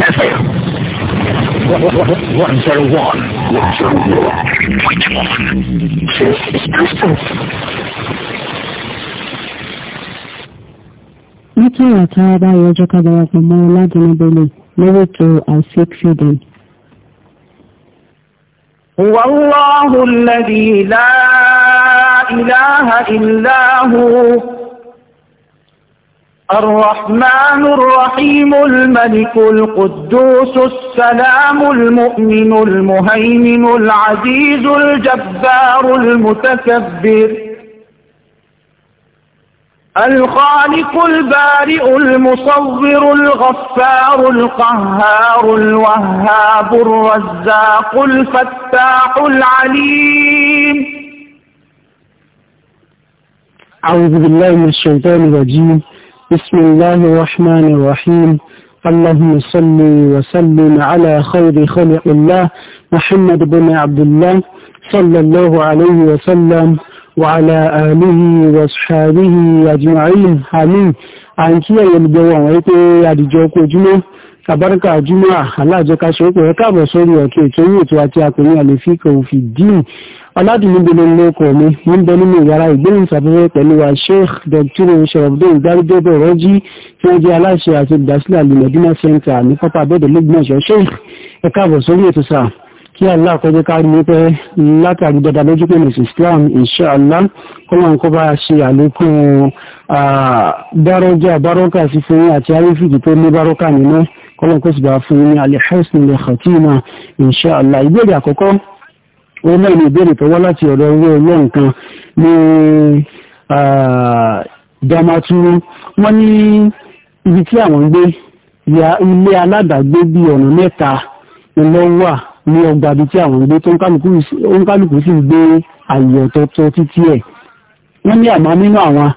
FM. One zero one. One zero one. Point one. This is Crystal. ní kí ìwà tá a bá yọ ọjọ́ ká darapọ̀ mọ́ ọládùnúbẹ̀lẹ̀ lọ́wọ́ tó àṣekfìdẹ̀. wàláhùn lẹ́dí láìláha ìláhùn. الرحمن الرحيم الملك القدوس السلام المؤمن المهيمن العزيز الجبار المتكبر الخالق البارئ المصور الغفار القهار الوهاب الرزاق الفتاح العليم أعوذ بالله من الشيطان الرجيم بسم الله الرحمن الرحيم اللهم صل وسلم على خير خلق الله محمد بن عبد الله صلى الله عليه وسلم وعلى آله وصحابه أجمعين آمين àǹkí ẹ̀yẹ lè jẹ́wọ́ àwọn wípé àdìjọ ọkọ̀ ojúmọ́ àbárẹ́kà ojúmọ́ aláàjọkáṣọ́ ọkọ̀ ẹ̀ka àbọ̀ sórí ọ̀kẹ́ ètò yìí ètò àti àpẹẹrẹ àlèfíkọ̀ òfin dín aládùúgbò lóko mi ń bẹ nínú yàrá ìgbóhùnsáfẹ́fẹ́ pẹ̀lú wa sheikh dr sharafdin gbárígbé rọ́jí tí ó jẹ́ aláṣẹ àti ìdásílẹ̀ alimọ̀dúnmá center ní pápá abẹ́dẹ̀ lẹ́gbọ̀nsẹ̀ sheikh ẹ káàbọ̀ sórí ètò sáà kí allah kọjá kárí ní pẹ́ látàrí dada lójú pé mrs islam insha allah kọ́lá ń kọ́ bá ṣe àlékún dárọ́jà bárọ́kà sí fún àti arífìdì tó ní bárọ́kà nínú kọ́lá kó sì bá fún ní alẹ́ hẹ́sìn lè khatima insha allah ìbéèrè àkọ́kọ́ òun náà ni ìbéèrè tó wá láti ọ̀dọ̀ owó ọlọ́run kan ní damaturu wọ́n ní ibi tí àwọn ń gbé ya ilé aládàgbé bí ọ̀nà mẹ́ta lọ́wọ́ ní ọgbà ibi tí àwọn ń gbé tó ń kálukú sì gbé àyè ọ̀tọ̀ọ̀tọ̀ títí ẹ̀ wọ́n ní àmọ́ nínú àwọn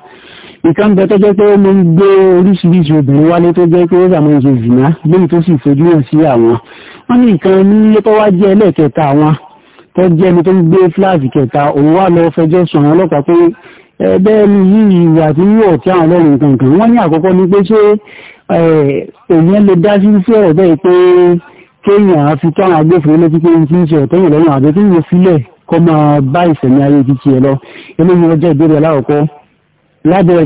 nǹkan bẹ tó jẹ́ pé ó ń gbé oríṣiríṣi obìnrin wálé tó jẹ́ pé ó sàmọ́ ìṣe ìsìná lórí tó sì fojú hàn sí àwọn wọ́n ní nǹkan nílé tó wá jẹ́ ẹlẹ́ẹ̀kẹta àwọn tó jẹ́ ẹni tó ń gbé fúláàsì kẹta òun wá lọ fẹjọ́ sùn àwọn ọlọ́pàá pé ẹbẹ́ ni yìí ìwà tí yóò tí àwọn ọlọ́run kankan wọ́n ní àkọ́kọ́ ni pé ṣé èèyàn lè dá sí sí ọ̀rọ̀ bẹ́ẹ̀ pé kéèyàn á fi tó àwọn agbófinró létí pé ti ń ṣe ọ̀tẹ́yìn lọ́rùn àbẹ́ tí yóò sílẹ̀ kọ́ máa bá ìsẹ̀mí ayé títí ẹ lọ eléyìí ọjọ́ ìbéèrè aláwọ̀kọ́ lábẹ́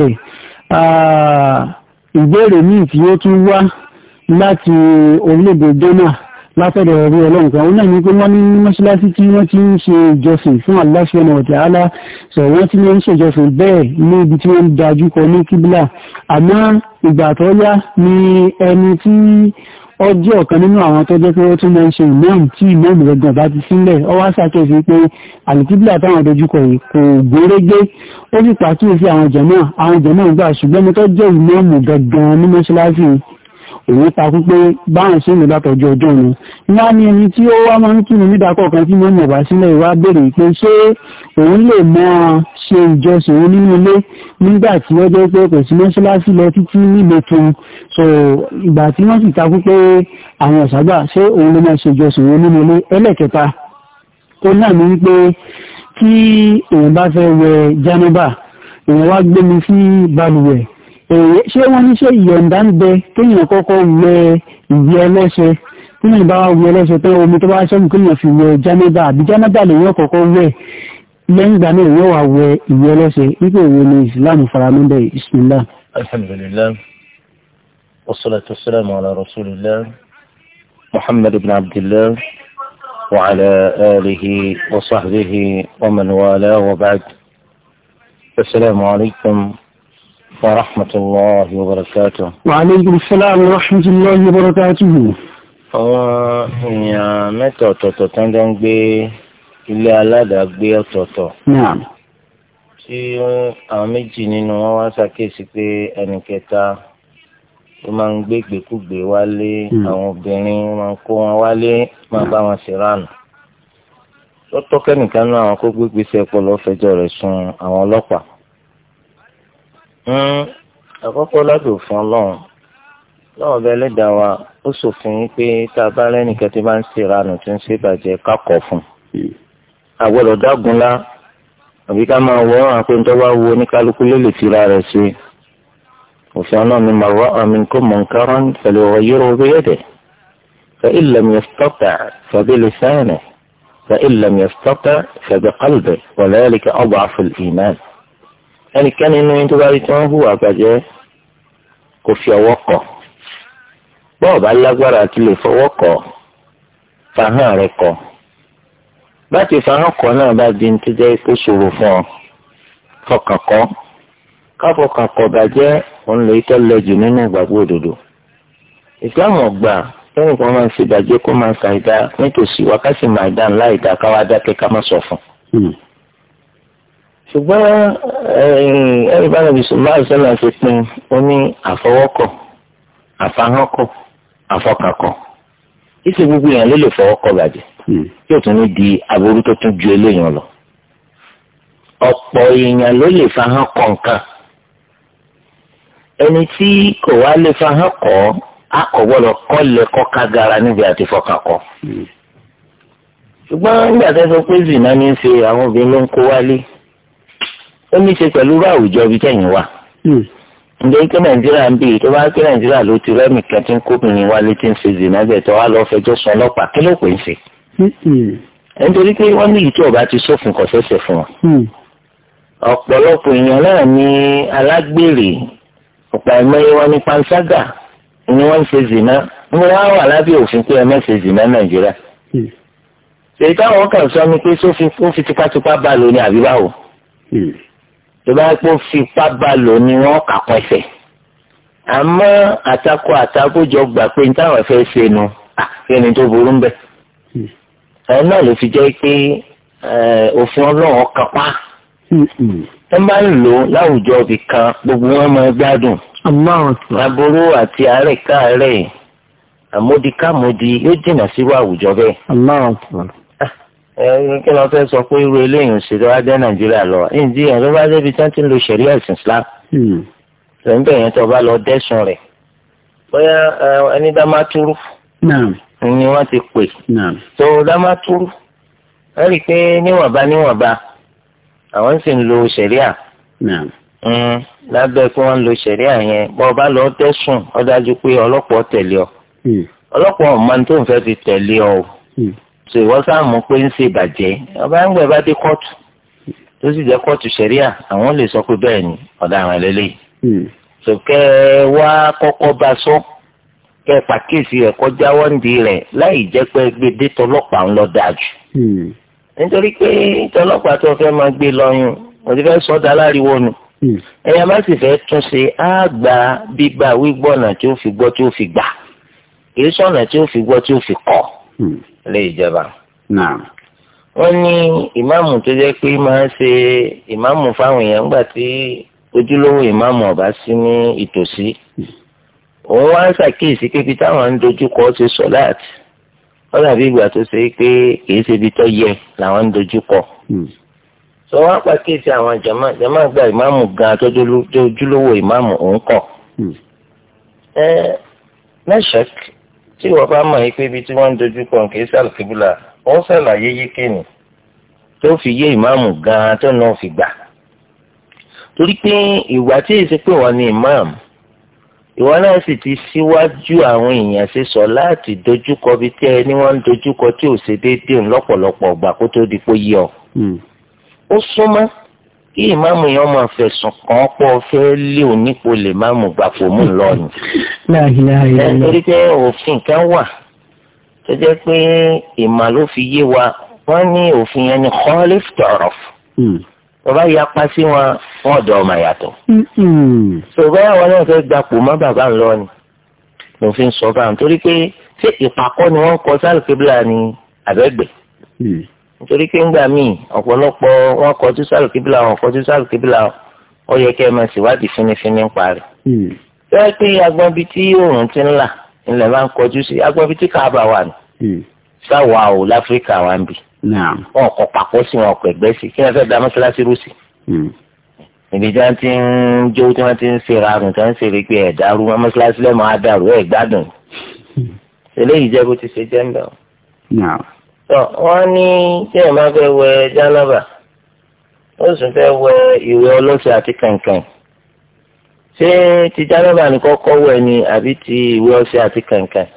ìbéèrè míì tí ó tún wá láti orílẹ̀-èdè Ghana látọ̀dọ̀ ọ̀rọ̀ ọlọ́run kan ó náà ní pé wọ́n ní mọ́ṣáláṣí tí wọ́n ti ń ṣe ìjọsìn fún aláṣẹ́nà ọ̀tẹ̀ alá sọ wọ́n ti ń ṣe ìjọsìn bẹ́ẹ̀ ní ibi tí wọ́n dájú kọ ní kíbílà àmọ́ ìgbà tó yá ni ẹni tí ọjọ́ ọ̀kan nínú àwọn tó jẹ́ pé ó tún máa ń ṣe ìmọ̀ọ́mù tí ìmọ̀ọ́mù gangan bá ti sílẹ̀ ọ wá ṣàkíyèsí pé àlùkíbílà táwọn dojúkọ yìí kò gbórégé ó sì pàkíyèsí àwọn jẹ̀mọ́ àwọn jẹ̀mọ́ gbà ṣùgbọ́n mo tó ìmọ̀ọ́mù gangan ní mọ́ṣáláṣí èyí takú pé báwọn sí mi látọjọ́ ọjọ́ ni wá ní ẹni tí ó wá máa ń kí mi nídàkọ̀ kan tí mo mọ̀ wá sílẹ̀ wá béèrè pé ṣé òun lè máa ṣe ìjọsìn òun nínú ilé nígbà tí ó jẹ́ pé kò sí mọ́ṣáláṣí lọ títí nílé tun so ìgbà tí wọ́n sì takú pé àwọn ọ̀ságbà ṣé òun lè máa ṣe ìjọsìn òun nínú ilé ẹlẹ́kẹta ó náà ní wípé tí èèyàn bá fẹ́ wẹ̀ jánábà èèyàn wá gbé mi sí balùwẹ̀ ṣé wọ́n ní ṣé ìyọ̀ǹda ń bẹ kéèyàn kọ́kọ́ wẹ ìwé ẹlẹ́ṣẹ kéèyàn bá wẹ ẹlẹ́ṣẹ pé omi tó bá ṣẹ́gun kéèyàn fi wẹ jánábà àbí jánábà lè wọ́n kọ́kọ́ wẹ lẹ́yìn ìgbà náà yóò wá wẹ ìwé ẹlẹ́ṣẹ wípé òwe ni ìsìláàmù faramọ́ bẹ́ẹ̀ ìsìnlá. alhamdulilayi wasalaatu wasalaamu ala rasulillah muhammad ibn abdillah wa ala alihi wa sahbihi wa man wala wa ba'd asalaamu alaykum. ورحمة الله وبركاته وعليكم السلام ورحمة الله وبركاته àwọn èèyàn mẹ́ta ọ̀tọ̀ọ̀tọ̀ tán jọ ń gbé ilé aládàágbé ọ̀tọ̀ọ̀tọ̀ tí àwọn méjì nínú wọn wá ṣàkíyèsí pé ẹnì kẹta ó máa ń gbé ìgbékúgbé wálé hmm. àwọn obìnrin máa ń kó wọn wálé máa bá wọn ṣe ránù lọ́tọ́ kẹ́nìkan náà àwọn kó gbégbèsè ọpọlọ fẹjọ́ rẹ̀ sùn àwọn ọlọ́pàá Hmm. àkọ́kọ́ láti òfin ọlọ́run lọ́wọ́ bẹ́ẹ̀ lẹ́dàá wa ó ṣòfin pé tá a bá lẹ́nìkan tí bá ń ṣe ìranù tí ń ṣe ìbàjẹ́ kákọ̀ fún un àgbọ̀dọ̀ dágunlá àbí ká máa wọ ọ́n àpé nítorí wàá wo oníkálukú lè lè fira rẹ̀ ṣe òfin ọlọ́run ni màá àmì kó mọ̀ ń kárọ́ pẹ̀lú ọ̀rọ̀ yóò rọ̀ bẹ́ẹ̀ dẹ̀ فإن لم يستطع فبلسانه فإن لم يستطع فبقلبه ẹnikẹ́ni inú yín tó bá rí tí wọ́n hùwà bàjẹ́ kò fi ọwọ́ kọ̀ bọ́ọ̀ bá lágbára àti lè fọwọ́ kọ̀ fàhán rẹ̀ kọ̀ láti fàhán kọ̀ náà bá di tó jẹ́ kó ṣòro fún ọ fọkàn kọ̀ káfọkàn kọ̀ bàjẹ́ òun lè tọ́ lẹ jù nínú ìgbàgbọ́ òdodo ìsìlámù ọgbà lẹ́yìn kan máa ń ṣe ìbàjẹ́ kó máa ń ka nítòsí wákàtí máa dá káwá dákẹ́ ká má sọ fún un. Hmm. ṣùgbọ́n ẹ̀rí bá nàbì sùnmọ́ ti pin ó ní àfọwọ́kọ̀ àfahànkọ̀ àfọkànkọ̀ ìṣe gbogbo èèyàn ló lè fọwọ́kọ̀ bàjẹ́ hmm. yóò tún ní di aburú tó tún ju eléyàn lọ ọ̀pọ̀ èèyàn ló lè fahàn kọ̀ nǹkan ẹni tí kò wá lè fahàn kọ̀ akọ̀gbọ́dọ̀ kọ́ níbi àti fọkànkọ̀ hmm. ṣùgbọ́n nígbà sọ pé zina ní í ó ní í ṣe pẹ̀lú bá àwùjọ ibi tẹ̀yìn wa. Hmm. ǹjẹ́ kí nàìjíríà ń bì tó bá kí nàìjíríà ló ti rẹ́mì kan tí ń kóbìnrin wa létí ń ṣe zìnà bẹ̀ tó wá lọ́ọ́ fẹjọ́ sun ọlọ́pàá kí ló pè hmm. ń ṣe. nítorí pé wọ́n ní ìyí tí ọba ti sófin kọ̀ sẹ́sẹ̀ fún wọn. Hmm. ọ̀pọ̀lọpọ̀ èèyàn náà ní alágbèrè ọ̀pọ̀ ẹ̀mẹ́yẹ wọn ní panṣágà ni wọ́n ń ṣe zìnà wọ́n wá wà lábẹ́ òfin pé ẹ̀mẹ́ ṣe zìnà nàìjíríà. ṣèyí táwọn kan sọ ni pé sófin tó bá pọ̀ fipá bá lò ní wọ́n kà pọ̀ ẹsẹ̀ àmọ́ àtakò àtakòjọ gbà pé ní táwọn fẹ́ ṣe nu kí ni tó burú bẹ́ẹ̀. Hmm. ẹ náà ló fi jẹ́ pé òfin ọlọ́run kápá ẹ bá ń lò láwùjọ ibì kan gbogbo wọn máa gbádùn. aburú àti àárẹ̀ káàárẹ̀ àmódìkámódì yóò jìnnà sírú àwùjọ bẹ́ẹ̀ ẹ̀yin kí ló fẹ́ sọ pé irú eléyìí ṣe tó wá dé nàìjíríà lọ ǹjẹ́ ìyẹn ló bá débi tí wọ́n ti ń lo ṣẹ̀ríà ẹ̀sìn islam lẹ́ńdẹ̀ hmm. yẹn tó bá lọ dẹ́sùn rẹ̀ bóyá ẹni dámátúrú ni wọ́n ti pè tó dámátúrú ẹ rí i pé níwọ̀nba níwọ̀nba àwọn sì ń lo ṣẹ̀ríà hmm, lábẹ́ pé wọ́n ń lo ṣẹ̀ríà yẹn bọ́ o bá lọ dẹ́sùn ọ dájú pé ọlọ́pàá tẹ̀lé ọ hmm. ọlọ́pàá ọ̀ so ìwọ sáà mọ̀ pé ń ṣe ìbàjẹ́ ọba ń gbẹ bá dé kóòtù tó sì jẹ́ kóòtù ṣẹ̀ríà àwọn lè sọ pé bẹ́ẹ̀ ni ọ̀daràn lélẹ̀ hmm. so kẹ́ ẹ wá kọ́kọ́ bá sọ kẹ́ ẹ pàkíyèsí rẹ̀ kọjá wọ́ndì rẹ̀ láì jẹ́ pé gbé dé tọlọ́pàá ń lọ dájú hmm. nítorí pé tọlọ́pàá tó fẹ́ máa gbé lọ́yún mo ti fẹ́ sọ́dà láriwo nu hmm. ẹ̀yà má sì fẹ́ tún ṣe á gba bíbá wígbọ́nà tí ó fi gbọ́ tí ó fi gbà kì í sọ̀nà tí ó fi gbọ́ tí ó fi kọ̀. Hmm. lè jẹba. wọ́n ní ìmáàmù tó jẹ́ pé máa ń ṣe ìmáàmù fáwọn èèyàn gbà tí ojúlówó ìmáàmù ọ̀bá sí ní ìtòsí. Hmm. òun wá ń ṣàkíyèsí pé ibi táwọn ń dojúkọ ṣe sọ̀láàtì wọ́n dàbí ìgbà tó ṣe pé kìí ṣe ibi tó yẹ làwọn ń dojúkọ. Hmm. sọ wá pàkíyèsí àwọn jàmá jàmá gba ìmáàmù gan-an tó ojúlówó ìmáàmù òun kọ̀. ẹ lẹ́sẹ̀kì eh, tí ìwọ bá mọ̀ yìí pé ibi tí wọ́n ń dojú kọ nǹkan ṣe àlùkìbìlà ó ṣàlàyé yékè ni tó fi yé ìmáàmù gan-an tó náà fi gbà. torí pé ìwà tí èsì pé wọ́n ní ìmáàmù ìwọ náà sì ti síwájú àwọn èèyàn ṣe sọ láti dojúkọ bí tí ẹni wọ́n ń dojúkọ tí ò ṣe déédéé lọ́pọ̀lọpọ̀ ọgbà kó tó di pé yí hmm. ó súnmọ́ kí ìmáàmù yẹn máa fẹ̀sùn kàn pọ̀ fẹ́ lé onípo lè máàmù gbàpò mú lọ́ọ̀nù. torí pé òfin kan wà tó jẹ́ pé ìmà ló fi yé wa wọ́n ní òfin yẹn ni khalif ta'raf bàbá hmm. yapa sí wọn wọn ọ̀dọ̀ ọmọ yàtọ̀. ṣùgbọ́n hmm. àwọn náà fẹ́ gbàpò mọ́ bàbá ńlọ́ọ̀nù lòfin sọ báyìí torí pé ṣé ìpàkọ́ ni wọ́n kọ sálùkébìlà ni àbẹ́gbẹ̀ẹ́. Hmm nítorí pé ńgbà míì ọ̀pọ̀lọpọ̀ wọn kọ tí sálù kíbílà wọn kọ tí sálù kíbílà ó yẹ kẹ́ ẹ máa ṣèwádìí fínífíní ń parí. bẹ́ẹ̀ hmm. pé agbọ́n bíi tí oòrùn ti ń là ilẹ̀ máa ń kọjú sí agbọ́n bíi tí káàbà wà ní. sáwọ hmm. àwò láfíríkà wà ń bì. wọn kọ pàpọ̀ sí wọn kọ ẹgbẹ́ sí kí wọ́n fẹ́ da mọ́ṣáláṣí rú sí. Hmm. tí wọ́n ti ń jó tí wọ́n ti ń tọ wọn ní tí ẹ máa fẹ́ wẹ̀ jánábà ó sì fẹ́ wẹ̀ ìwẹ̀ ọlọsẹ àti kànkàn ṣé ti jánábà ní kọ́kọ́ wẹ̀ ni àbí ti ìwẹ̀ ọṣẹ àti kànkàn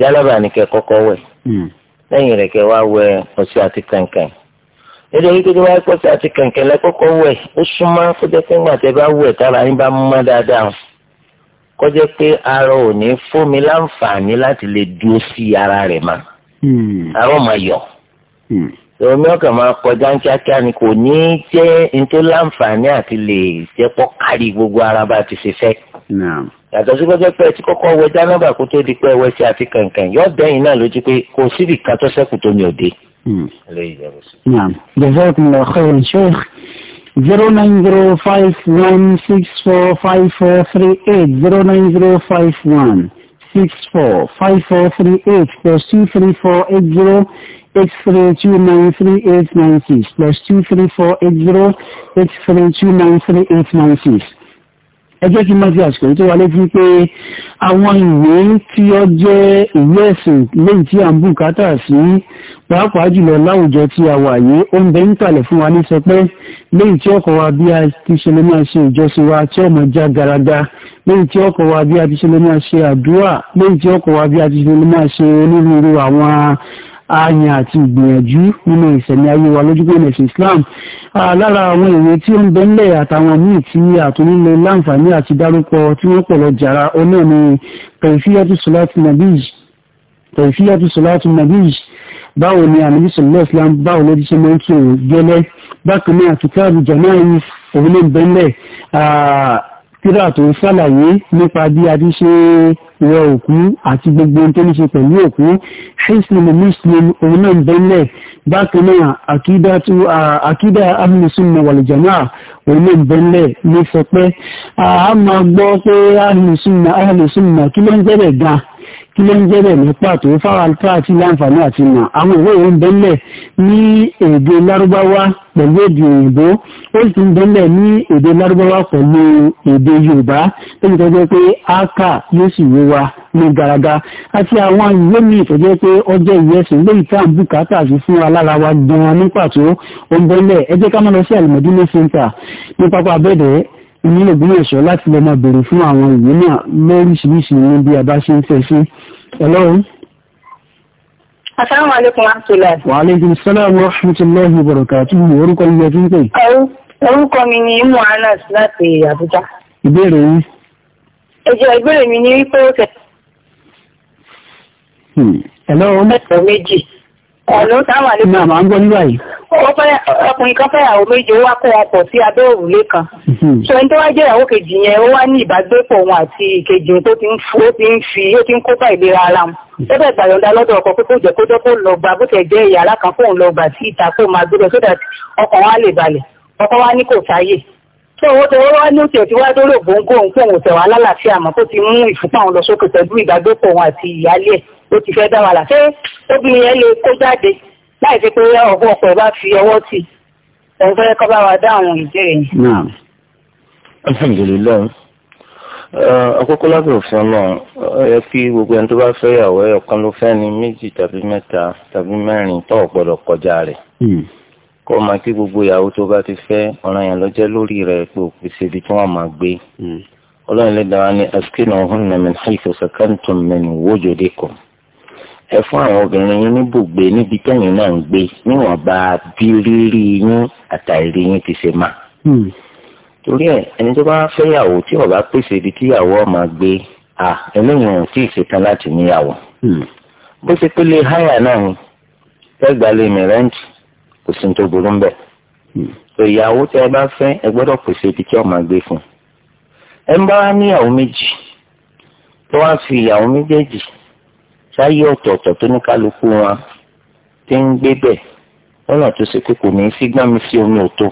jánábà ní kẹ́ kọ́kọ́ wẹ̀ hmm. lẹ́yìn rẹ̀ kẹ́ wá wẹ̀ ọṣẹ àti kànkàn nítorí pé tí wọ́n á pọ̀ sí àti kànkàn lẹ́kọ́kọ́ wẹ̀ ó súnmọ́ kó jẹ́ pé ńgbà tẹ́ bá wẹ̀ tára yín bá mọ́ dáadáa kó pé ara ò ní fún mi láǹfààní láti lè dúró sí ara rẹ̀ máa. Hmm. àwọn ọmọ yọ hmm. omi ọkàn máa kọjá ń kíákíá ni kò ní í jẹ́ nítorí láǹfààní àti lè jẹ́ pọ́ kárí gbogbo ara bá ti ṣe fẹ́. yàtọ̀ sí pẹ́pẹ́ pẹ́ tí kọ́kọ́ wẹ jánábà kó tó di pé ẹwẹ́ sí àti kànkàn yóò dẹ́yìn náà lójú pé kò síbi kan tó ṣẹ́kù tó ní òde. Hmm. jazakumullahu khairan sheikh zero nine zero five one six four five four three eight zero nine zero five one. six four five four three eight plus two three four eight zero eight three two nine three eight nine six plus two three four eight zero eight three two nine three eight nine six. ẹ jẹ́ kí n máa fi àsìkò tó wà létí pé àwọn ìwé tí ó jẹ́ ìwé ẹ̀sìn lẹ́yìn tí à ń bùkátà sí pàápàá jùlọ láwùjọ tí a wà yìí ó ń bẹ ń tàlẹ̀ fún wa ní sọ pé lẹ́yìn tí ọkọ̀ wa bí a ti ṣe lè máa ṣe ìjọsìn wa tí ọmọ já garaga lẹ́yìn tí ọkọ̀ wa bí a ti ṣe lè máa ṣe àdúrà lẹ́yìn tí ọkọ̀ wa bí a ti ṣe lè máa ṣe onírúurú àwọn ààyàn àti ìgbìyànjú nínú ìsẹ̀mí ayé wa lójú pé ẹ̀sìn Islam lára àwọn ìwé tí ó ń bẹ́ńlẹ̀ àtàwọn míì tí àtúnilẹ̀ láǹfààní àti dárúkọ tí wọ́n pọ̀ lọ jàrá onáà ni kẹ̀fíyàtú sọláàtì nàbíyì kẹ̀fíyàtú sọláàtì nàbíyì báwo ni àmì sọlọ́ Islam báwo ló ti ṣe máa ń kí tíra tó ń ṣàlàyé nípa bí a ti ṣe wọ òkú àti gbogbo ohun tó ní ṣe pẹ̀lú òkú Muslim Muslim òun náà ń bẹ́lẹ̀ bákan náà àkídà ahlùsùnmọ̀ wàlìjàmá òun náà bẹ́lẹ̀ ní sọpẹ́ a máa gbọ́ pé ahlùsùnmọ̀ kí ló ń bẹ̀rẹ̀ gan-an kí ló ń jẹ́ bẹ̀ ní pàtó fáwọnká àti láǹfààní àti mọ̀ àwọn ìwé ìwé ń bẹ́lẹ̀ ní èdè lárúbáwá pẹ̀lú èdè òyìnbó ó sì ń bẹ́lẹ̀ ní èdè lárúbáwá pẹ̀lú èdè yorùbá lórí tó jẹ́ pé áàkà yóò sì wé wa ní garaga àti àwọn ìwé míì tó jẹ́ pé ọjọ́ ìyẹ́sìn lórí tá à ń bùkátà sí fún wa lára wa gan-an ní pàtó ó ń bẹ́lẹ̀ ẹ ká má lọ sí àlùmọ́dúnlé center ní pápá abẹ́dẹ̀ẹ́ nílò gbìyànjú láti lọ máa bèrè fún àwọn ìwé náà lóríṣiríṣi ní bí a bá ṣe ń fẹ́ ṣe ọlọ́run. Assalamu alaikum warahmatullahi. Wa alaikum salam wa rahmatullahi wa barakatuh. Orúkọ ilé tí ń pè. Orúkọ mi ni Muhammad láti Àbújá. Ìbéèrè yín. Ẹjọ́ ìbéèrè mi ni wípé ó tẹ̀. Ẹ̀lọ́. Mẹ́tọ̀ méjì. Ẹ̀lọ́ sáwọn alẹ́kùn. Ní àmà ń gbọ́ nígbà yìí ọkùnrin kan fẹ́yàwó méje ó wá kó wọn pọ̀ sí abẹ́ òrùlé kan hmm. so ẹni tó wá jẹ́ ìyàwó kejì yẹn ó wá ní ìbágbépọ̀ òun àti ìkejì tó ti ń fi ó ti ń kópa ìlera ara wọn lọ́dọ̀ ìgbàyọ̀ǹda lọ́dọ̀ ọkọ pé kó jẹ́ kó jẹ́ kó lọ gbà bó tẹ̀ jẹ́ ìyàrá kan fóun lọ gbà sí ìta kó máa gbọ́dọ̀ so that ọkàn wa lè balẹ̀ ọkọ wa ní kò sáyè tí owó tó wá ní òkè tí wá dóró gbòǹgbò òun fóun tẹ̀ wá lálàáfíà mọ́ tó ti mú ìfúnpá òun lọ sókè pẹ̀lú ìgbàgbépọ̀ òun àti ìyálé ó ti fẹ́ dá wàhálà ṣé obìnrin yẹn lè kó jáde láì fi pé ọ̀gbọ́n ọ̀pọ̀ ẹ̀ bá fi ọwọ́ tì òun fẹ́ kọ́ bá wa dá àwọn ìbéèrè yìí. alhamdulilayi àkókò lábẹ́ òfin ọlọ́run ẹ fi gbogbo ẹni tó bá fẹ́ yàwó ẹ̀yọ̀kan ló fẹ́ ni méjì tàbí mẹ́ta tàbí mẹ́rin tó gbọ́dọ̀ kọjá rẹ̀ hmm. kó o máa kí gbogbo ìyàwó tó bá ti fẹ́ ọ̀ràn yẹn ló jẹ́ lórí rẹ̀ pé òkú ṣe ibi tí wọ́n máa gbé hmm. ọlọ́run lè dára ní askínà ọ̀hún nàmínà haythu sakantum min wujudikum ẹ fún àwọn obìnrin yín níbùgbé níbi tẹ́yìn náà ń gbé níwọ̀nba bí rírí yín àtàrí yín ti ṣe máa. Hmm. torí ẹ ẹni tó bá fẹ́yàwó tí ó bá pèsè ibi tíyàwó máa gbé à eléyìí ò tí ì ṣetán láti níyàwó. Hmm. bó ṣe pé lè háyà náà ni tẹ́gbàlè mi rẹ́ǹtì kò sí tó burú bẹ́ẹ̀. Hmm. ìyàwó tẹ́ ẹ bá fẹ́ ẹ gbọ́dọ̀ pèsè ibi tí ó máa gbé fún. ẹ ń bá níyàwó méjì tó wá fi ìyàwó sáyé ọ̀tọ̀ọ̀tọ̀ tó ní kálukú wọn ti ń gbé bẹ̀ lọ́nà tó ṣe pé kò ní í sígbọ́n mi sí omi òtó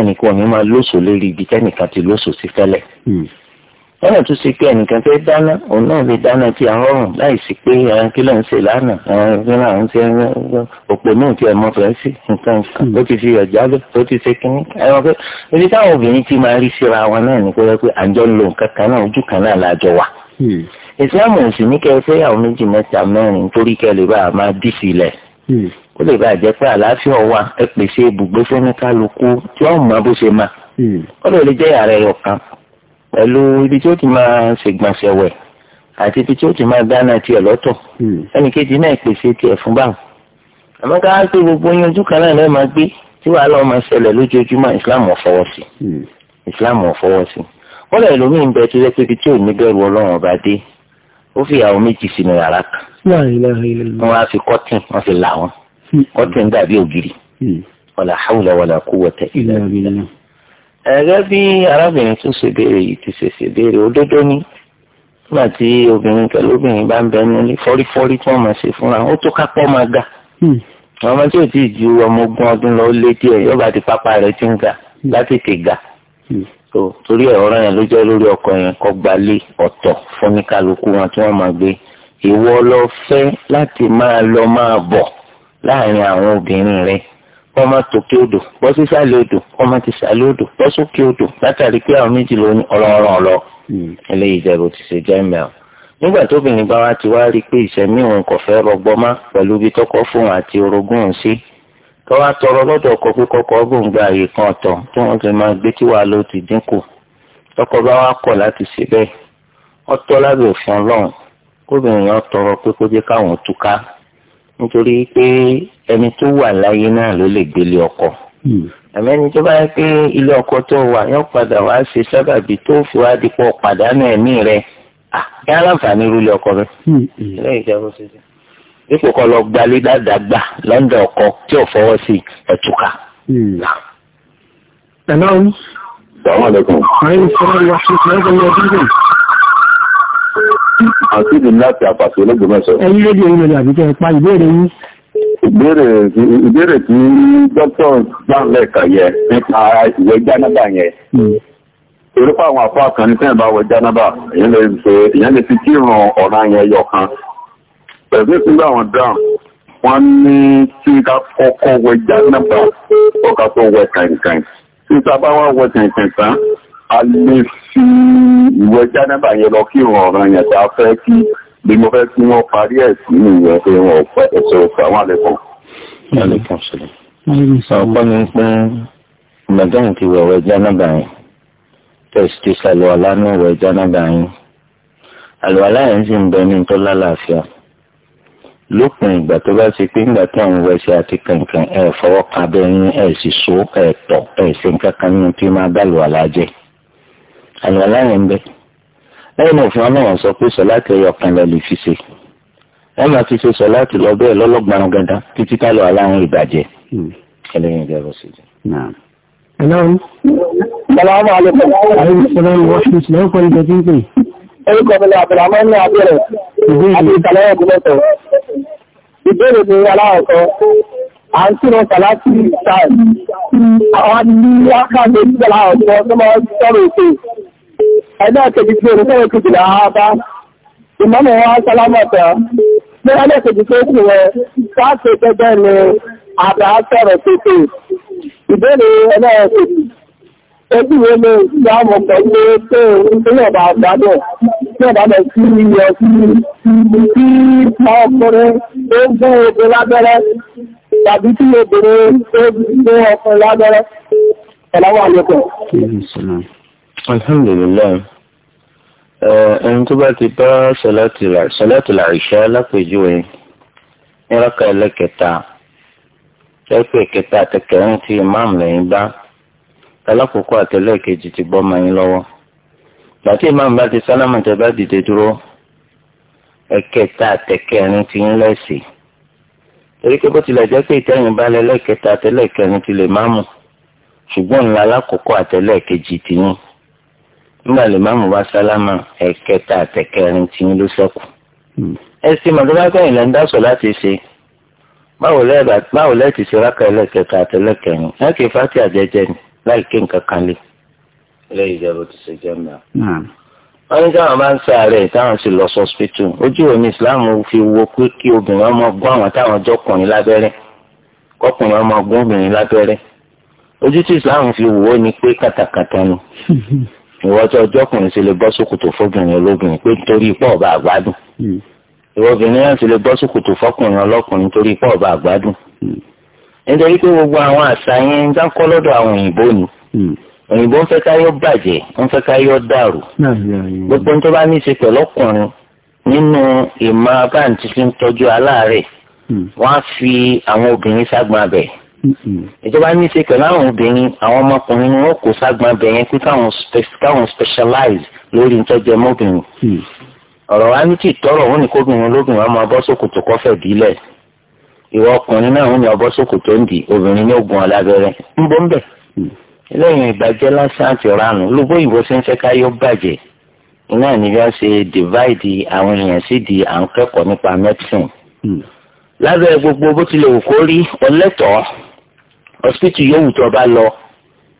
ẹnìkan ò ní máa lóṣò lérí ibi tẹ́nìkan ti lóṣò sí tẹ́lẹ̀ lọ́nà hmm. tó ṣe pé ẹnìkan fẹ́ dáná òun náà lè dáná tí a rọrùn láì sí pé ẹran kí ló ṣe lánàá ẹran kí ló ń ṣe òpó náà tí ẹ fẹ́ sí nǹkan nǹkan hmm. ó ti fi ọ̀já lọ ó ti ṣe kínní ẹran pé ibi táwọn obìnrin ti máa rí síra wọn náà ní ìsìlámù ẹ̀sìn ní kẹ́ ẹ fẹ́ àwọn méjì mẹ́ta mẹ́rin torí kẹ́ lè bá a máa dì sílẹ̀ hmm. ó lè bá a jẹ́ pé àlàáfíà wà ẹ pèsè ibùgbé fẹ́ni kálukú tí wọ́n mọ bó ṣe mà hmm. ó lè lè jẹ́ yàrá ẹyọ kan pẹ̀lú ibi tí ó ti máa ṣègbọ̀nsẹ̀ wẹ̀ àti ibi tí ó ti máa dáná tiẹ̀ lọ́tọ̀ hmm. ẹnì kejì náà pèsè tiẹ̀ fún báwọn àmọ́ ká pé gbogbo yín ojú kan náà lẹ́ẹ̀ ó fi ìyàwó méjì sínú yàrá kan wọ́n á fi kọ́tìn wọ́n fi là wọ́n kọ́tìn hmm. dàbí ògiri wàlà hàwùlà wàlà kú wọ̀tẹ́. ẹ̀rẹ́ bí arábìnrin tún ṣe béèrè yìí ti ṣe ṣe béèrè òdodo ni nígbà tí obìnrin pẹ̀lú obìnrin bá ń bẹ nílé fọ́rífọ́rí tí wọ́n máa ṣe fúnra ó tó kápọ́ máa ga hmm. ọmọ tí ò tí ì ju ọmọ ogún ọdún lọ lé díẹ̀ yọba ti pápá rẹ̀ ti ń ga hmm. láti tè ga tó torí ẹ̀ ọ̀rọ̀ yẹn ló jẹ́ lórí ọkọ yẹn kó gbalé ọ̀tọ̀ fún ní kálukú wọn tí wọ́n máa gbé ìwọ lọ fẹ́ láti máa lọ máa bọ̀ láàrin àwọn obìnrin rẹ̀ wọ́n máa tòkè odò bọ́ sí odò wọ́n máa ti sàlẹ̀ odò bọ́ sókè odò látàrí pé àwọn méjì ló ọlọ́ọ̀rọ̀ ọ̀lọ́ hmm. eléyìí jẹ́ bó ti ṣe jẹ́ mẹ́ọ̀. nígbà tóbìnrin bá wá ti wá rí i pé ìṣẹ́mi òun kò fẹ́ rọgbọ́n má pẹ̀lú ibi tọ́kọ fún àti orogún òun sí kọ́ wa tọrọ lọ́dọ̀ ọkọ pé kọ́kọ́ gbòǹgbà àyè kan ọ̀tọ̀ tí wọ́n ti máa gbé kí wàá ló ti dínkù tọkọ bá wa kọ̀ láti ṣe bẹ́ẹ̀ ọtọ́ lábẹ́ òfin ọlọ́run kóbìnrin yẹn tọrọ pé kó jẹ́ káwọn túká nítorí pé ẹni tó wà láyé náà ló lè gbélé ọkọ hmm. àmẹ́ni tó bá yẹ pé ilé ọkọ tó wà yóò padà wá ṣe sábàbí tó fi wá dípò pàdánù ẹ̀mí rẹ̀ ah ipò kọ́ lọ gbalé dáadáa lọ́ndà ọkọ tí ò fọwọ́ sí ẹ̀túkà. ẹ̀nà ń. sàmúlẹ̀kùn. àyè sọ́rọ̀ ìwà tuntun ẹ̀kọ́ ní ọdún yìí. àti ìdí láti àpàtì olóògbémọ̀sọ. ẹ̀yin rédíò yìí lọ́dọ̀ àbíkẹ́ ẹ̀ pa ìbéèrè yín. ìbéèrè tí dókítà gbàǹlẹ̀ kà yẹ nípa ìwé jánábà yẹn hmm. orúkọ àwọn àpá kan ní sẹ́yìn bá wọ jánábà èèyàn lè fi kírun ọ̀ràn yẹn yọ̀ kan ẹ̀sìn ìpínlẹ̀ àwọn dáhùn wọ́n ní tí ká kọ́kọ́ wẹ jánábà ọ̀ká tó wẹ kàǹkàǹ tí ta bá wá wẹ kàǹkàǹ tán a lè fi ìwẹ jánábà yẹn lọ kí ìrọ̀rùn yẹn tá a fẹ́ kí bí mo fẹ́ kí wọ́n parí ẹ̀ sí ìyẹn pé wọ́n ò pẹ́ ẹ̀sọ́ ọ̀sẹ̀ àwọn àlẹ́kùn. ọ̀pọ̀ mi ń pín ìmọ̀dáhùn ti wẹ̀wẹ̀ jánábà yẹn tẹ̀sítì sàlùwàlá náà wẹ̀ jánábà lópin ìgbà tó bá ṣe pé ńgbà tó ń wẹṣẹ àti kankan ẹ fọwọ́ kan abẹ́yìn ẹ sì so ẹ tọ̀ ẹ ṣe nǹkan kan nínú tí máa bá lùwà lájẹ. àlùwà láyé ń bẹ lẹ́yìn náà fún ọlọ́run sọ pé sọláàtì ẹyọ kan lọ lè fi ṣe ẹ máa fi ṣe sọláàtì lọ bẹ́ẹ̀ lọ́lọ́gbọ̀n gandan títí ká lọ aláwọn ìbàjẹ́. Hmm. ẹlẹ́yin ìjọba ọ̀sẹ̀ jẹ́. Hello orúkọ mi ni àbẹ̀rẹ̀ ní abẹ́rẹ̀ àti ìsàlẹ̀ ọ̀gbọ̀tọ̀. Ìbéèrè ni aláwọ̀kọ́, à ń kírun sàlátì táì. Àwọn adìyí ákàndé ìjọ aláwọ̀kọ́ tó máa ń sọ̀rọ̀ òkè. Ẹgbẹ́ kejì tí orúkọ rẹ̀ kejì là á bá. Ìmọ̀mọ̀ wa sálámọ̀tà. Ní ọjọ́ kejì tó kù rẹ̀, sáàtì gẹ́gẹ́ ni àbá sọ̀rọ̀ kéèké. Ìbéèrè ẹlẹ́ẹ̀kejì ojú rẹ̀ lè gbá ọmọ pẹ̀lú pé ìpínlẹ̀ ọba àgbàdo tí ọba lọ sí ilẹ̀ sí sí ọkùnrin tó ń gún ogun lábẹ́rẹ́ tàbí tí obìnrin tó gún ọkùnrin lábẹ́rẹ́ ọ̀làwọ̀ àlẹ́kọ̀. alhamdulilayi ẹni tó bá ti bá sọláàtì làrìṣà lápèjúwe ní rákà ẹlẹ́kẹta tẹ́pẹ̀ kẹta àtẹkẹrin tí ìmáàmù lẹ́yìn bá alákòókò àtẹlẹ́ẹ̀kejì ti bọ́ ọmọ yín lọ́wọ́ gbàtí ìmáàmù bá ti sálámù tẹ́ bá dìde dúró ẹ̀kẹta àtẹ̀kẹrin ti ń lẹ́sì torí pé bó tilẹ̀ jẹ́ pé ìtẹ̀yìn bá lẹ lẹ́kẹta àtẹlẹ́ẹ̀kẹrin ti lè má mú ṣùgbọ́n ńlá alákòókò àtẹlẹ́ẹ̀kejì ti ní nígbà lè má mú bá sálámù ẹ̀kẹta àtẹ̀kẹrin ti ní ló sẹ́kù hmm. ẹ sì mọ̀ lẹ́ ń dá láti ṣe báwo lẹ́ẹ̀ ti ṣe rákà ẹlẹ́kẹta àtẹlẹ́kẹrin lẹ́kẹ̀ẹ́ fásitì àjẹjẹ ni láì ké nǹkan kan lé lẹ́yìn ìjọba tó ṣe jẹ́ mẹ́ta. wọ́n ní táwọn bá ń sàárẹ̀ táwọn sì lọ sọ́spítù ojú òní islam fi wo pé kí obìnrin ọmọ gún àwọn táwọn ọjọ́ kùnrin lábẹ́rẹ́ kọkùnrin ọmọ gún obìnrin lábẹ́rẹ́ ojú tí islam fi wò ni pé kàtàkàtà ni ìwọ tí ọjọ́ kùnrin sì lè bọ́ sókòtò fóbìnrin olóbìnrin pé nítorí ipò ọba àgbádùn hmm. ìwọ obìnrin náà sì lè bọ́ sókòtò fọkùnrin ọlọ́kùnrin nítorí ipò ọba àgbádùn hmm nítorí pé gbogbo àwọn àṣà yẹn ń dákọ́ lọ́dọ̀ àwọn òyìnbó ni hmm. òyìnbó ń fẹ́ káyọ́ bàjẹ́ ń fẹ́ káyọ́ dàrú gbogbo tó bá ní í ṣe pẹ̀lú ọkùnrin nínú ìmọ̀ abáǹtí tí ń tọ́jú aláàárẹ̀ hmm. wọ́n á fi àwọn obìnrin ságbọn abẹ ìjọba hmm. ní í ṣe pẹ̀lú àwọn obìnrin àwọn ọmọkùnrin ni wọ́n kò ságbọn abẹ yẹn pé káwọn specialize lórí ìtọ́jú ọmọbìnrin ọ̀rọ̀ wa ní tí ìtọ́rọ̀ òun ní kóbìnrin olóbìnrin ìwọ ọkùnrin náà ń yàn bọ́ sókòtò ń dì obìnrin ní ogun ọ̀làbẹ̀rẹ̀ ń bọ́ ń bẹ̀. lẹ́yìn ìbàjẹ́ lásán àti ránù lóbó ìbò ṣe ń fẹ́ káyọ́ bàjẹ́ iná ìníjọ́ ṣe dìváìdì àwọn èèyàn sí di à ń kẹ́kọ̀ọ́ nípa medicine. lábẹ́ gbogbo bó tilẹ̀ wù kó rí ọlẹ́tọ̀ọ́ hospital yóò wù tó bá lọ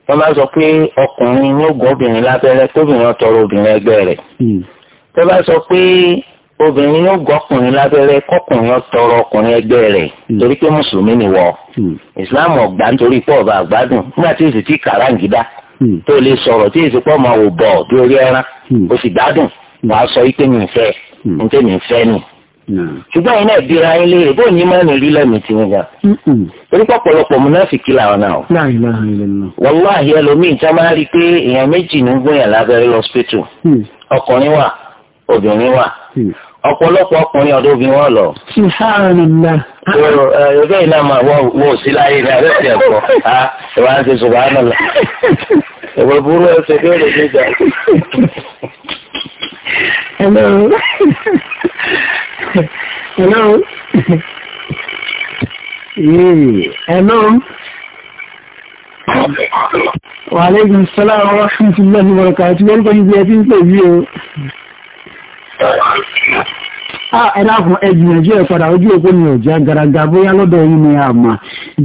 wọ́n bá sọ pé ọkùnrin ní ogun obìnrin lábẹ́rẹ́ tóbìnrin ọ̀tọ̀rọ̀ obìnrin yóò gọkùnrin lábẹ́rẹ́ kọkùnrin ọ̀tọ̀rọ̀ ọkùnrin ẹgbẹ́ rẹ̀ hmm. torí pé mùsùlùmí ni wọ́ ìsìláàmù hmm. ọ̀gbà nítorí pé ọba àgbádùn nígbà tí èsì tí kàràǹgídá hmm. tó lè sọ̀rọ̀ tí èsì pọ̀ máa wò bọ̀ bí orí ẹran ó sì gbádùn wà á sọ pé mi ń fẹ́ ń pè mí ń fẹ́ nì. ṣùgbọ́n iná ìbíra ilé rẹ̀ bó ní mọ́ni rí lẹ́nu ti ń ga torí pọ̀pọ̀lọpọ̀ múnáfìkì làwọn náà. wàláhì ẹlòmíì pé èèyàn méjì ń ọ̀pọ̀lọpọ̀ ọkùnrin ọ̀dọ́ obìnrin wọn lọ. ẹgbẹ́ eh, iná máa wọ wọ sí láyé ní abẹ́ ti ẹ̀kọ́ ha ìwà ń ṣe ṣùgbọ́n àná lọ. ìwé burú ẹ ṣe béèrè níjà. hello hello hello. wàhálà ìgbìmọ̀ sọ́lá ọ̀rọ̀ fún ìfúnlẹ̀ ní wọ́n kà á ti wọ́n kọ́ ibi ẹ̀ ti ń pè yí o. Ah, ẹ̀dàkùn ẹ̀gbìyànjú ẹ̀ padà ojú òpó ni ọ̀já gàràgà bóyá lọ́dọ̀ yìí ni a mà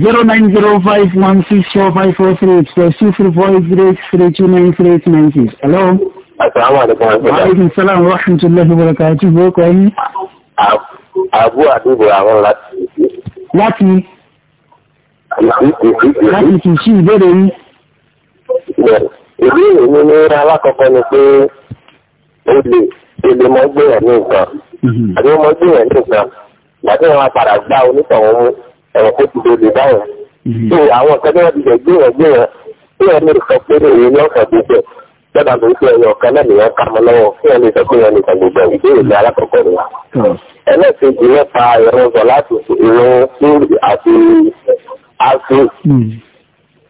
zero nine zero five one six four five four three eight plus two three four eight three eight three two nine three eight nine six. hello. asalaamualeykum aleykum salaam wa rahmatulahi wa barakatuh bó kọ́ yín. àbú àdúgbò àwọn láti. láti. láti kì í sí ìbéèrè yín. ìbéèrè mi ní alákọ̀ọ́kọ́ ni pé ó lè ebi mọ gbéyàn ní nǹkan mhm. àbí mọ gbéyàn ní nǹkan ìgbàdí wọn padà gbá onítọ̀hún mú ẹ̀rọ kó ti dòde báyìí tó mhm. àwọn nǹkan tí wọ́n ti jẹ́ gbéyàn gbéyàn gbéyàn ní nǹkan péré èyí ní ọ̀sán gbogbo lọ́dà tó ń fi ẹyọ ọ̀kan náà nìyẹn ká mọ́ lọ́wọ́ fún ẹni sọ pé ẹni kan gbogbo ìbéèrè ní alákọ̀ọ́kọ́ ni wa. ẹlẹ́sìnkì nípa ìrún sọ láti ìrún àti àti mhm.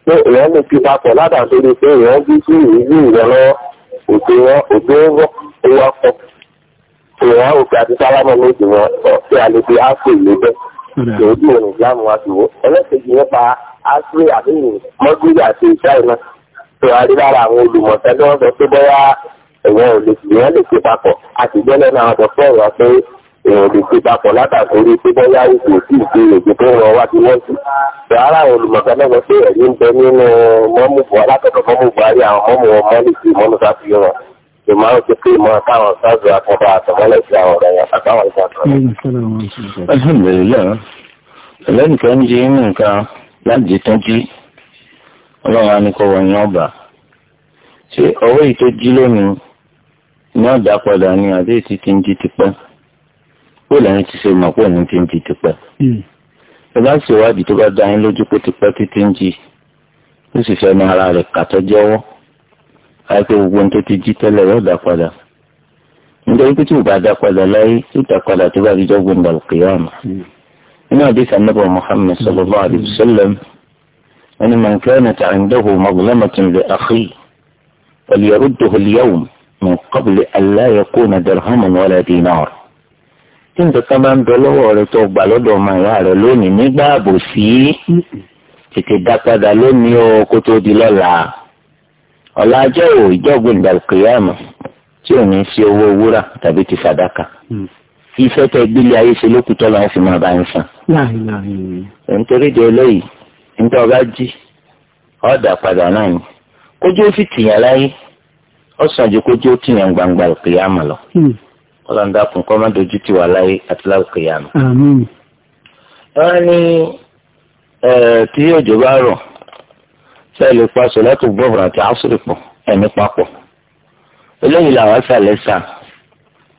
pé ìrún ní pípa ládàá torí pé ìrún bí sí ìrírí ìrún lọ́wọ́ òtún wọn òtún owó akọ ìwọ̀n òkè àti sálámà méjì wọn tí a lè fi áfò ìlú bẹ́ lòdì òrùn ìsìlámù wa ti wò ẹlẹ́sẹ̀jì nípa àbíyìn mọ́gírì àti tó a àwọn olùmọ̀ọ́sẹ́ tí wọ́n sọ pé bóyá ẹ̀wọ̀n ò lè lè ṣe papọ̀ àti ìgbẹ́lẹ̀ náà sọ ọ̀rọ̀ pé èèyàn lè ṣe papọ̀ látàkórí pé tí ìṣe èdè tó rọ wá sí wọ́n tó ara àwọn olùmọ̀ọ́sẹ́ náà ìmọ̀ àwọn òkè ìmọ̀ táwọn sáàzù àkọ́bà àtọ̀mọ́lẹ̀ sí àwọn ọ̀rọ̀ yẹn àtàwọn ìgbàgbọ́. alhamdulilayi ẹlẹ́nìkan ń jí nǹkan láti tán jí ọlọ́run á ní kó wọ iná ọba ṣé ọwọ́ yìí tó jí lónìí ní ọ̀dà padà ni àbí ètí ti ń jí tipẹ́ pé lẹ́yìn ti ṣe mọ̀ pé òun ti ń jí tipẹ́ ẹ bá ṣèwádìí tó bá dá yín lójú pé tipẹ́ títí ń jí ó sì fẹ́ mọ ara rẹ̀ kàtọ́jọ́wọ́ àti gbogbo ohun tó ti jí tẹ́lẹ̀ yóò dá padà nítorí pé tí o bá dá padà láyé tí ìta padà tó bá fi jọ́ gbẹ̀ndà al-qiyāmah nínú àdéhùn anábọ̀ Muhammad sallallahu alayhi wa sallam wọn ni man kanat 'indahu mazlamatun li akhihi falyaruddahu al-yawm min qabli an la yakuna dirhaman wala dinar tí nǹkan kan bá ń bẹ lọ́wọ́ rẹ tó gbà lọ́dọ̀ ọmọ ìyá rẹ lónìí nígbà àbòsí tètè dá padà lónìí o tó di lọ́la ọ̀la ajẹ́ ò ìjọ́gbìn ìdàlùkìyàmù tí ò ní sí owó wúrà tàbí ti fàdákà ìfẹ́ hmm. tẹ gbélé ayé ṣe lókùtọ́ làwọn fi máa bá ń san. nítorí di eléyìí níta ọba jí ọ̀dà padà náà ni kójú ó sì tìyàn láyé ó sàn ju kójú ó tìyàn gbangba ìkìyàmù lọ. Hmm. ọlọ́dà kún kọ́ má dojú ti wà láyé àti láwùkìyàmù. wọ́n ní tí òjò bá rọ̀ ṣe lè pa sọ̀látù gbọ́bùrà àti àṣírí pọ̀ ẹ̀mí eléyìí làwọn ṣàlẹ̀ sà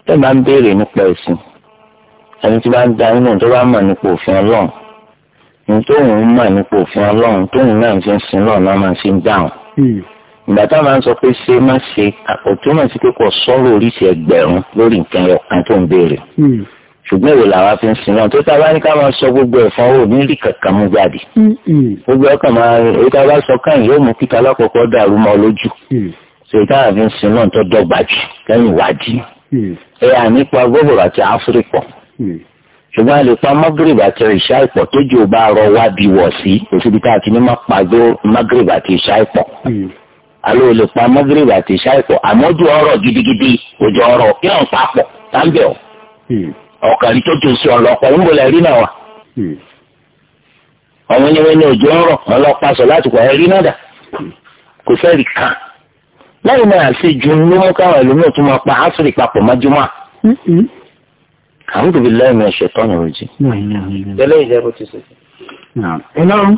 tẹ́ bá ń béèrè nípa ẹ̀sìn ẹni tí bá ń da inú tó bá mọ̀ nípa òfin ọlọ́run ní tóun mọ̀ nípa òfin ọlọ́run tóun náà fi ń sin lọ́ọ̀ náà máa fi ń dáhùn hmm. ìgbà tá máa ń sọ pé ṣe má ṣe àpòtúmọ̀ sí pé kò sọ̀rọ̀ oríṣi ẹgbẹ̀rún lórí nǹkan ẹ̀kan tó ń béèrè. Hmm ṣùgbọ́n èwo làwa fi ń sin náà tó tábà ní ká máa sọ gbogbo ẹ̀fọn ò ní rí kankan mú jáde gbogbo ọkàn máa èyí tábà sọ káyìn yóò mú kíkà lọ́kọ̀ọ́kọ́ dàrú mọ́ lójú ṣèyí mm. táwa fi ń sin náà tó dọ́gba jù lẹ́yìn ìwádìí mm. ẹ à nípa gbọ́bọ̀rọ̀ àti áfíríkọ̀ mm. ṣùgbọ́n a lè pa magreb àti ìṣá ìpọ̀ tó jò bá rọ wá bí wọ̀ sí òṣìbí tá a ọ̀kàrí tó tó sí ọlọ́pàá ń bọ̀lẹ̀ rí náà wà. Hmm. àwọn oníwé ní òjò ń rọ̀ ọlọ́pàá sọ láti pààyà rí náà dà hmm. kò fẹ́ rí kàn. lẹ́yìn náà àṣejù ló mú káwọn ìlú náà tún máa pa áfírí papọ̀ mọ́júmọ́. Hmm. àwọn tòbí lẹ́yìn náà ṣètò ọ̀nà òjì. tẹ́lẹ̀ ìjẹ́ bó ti ṣe. ẹlọ́run.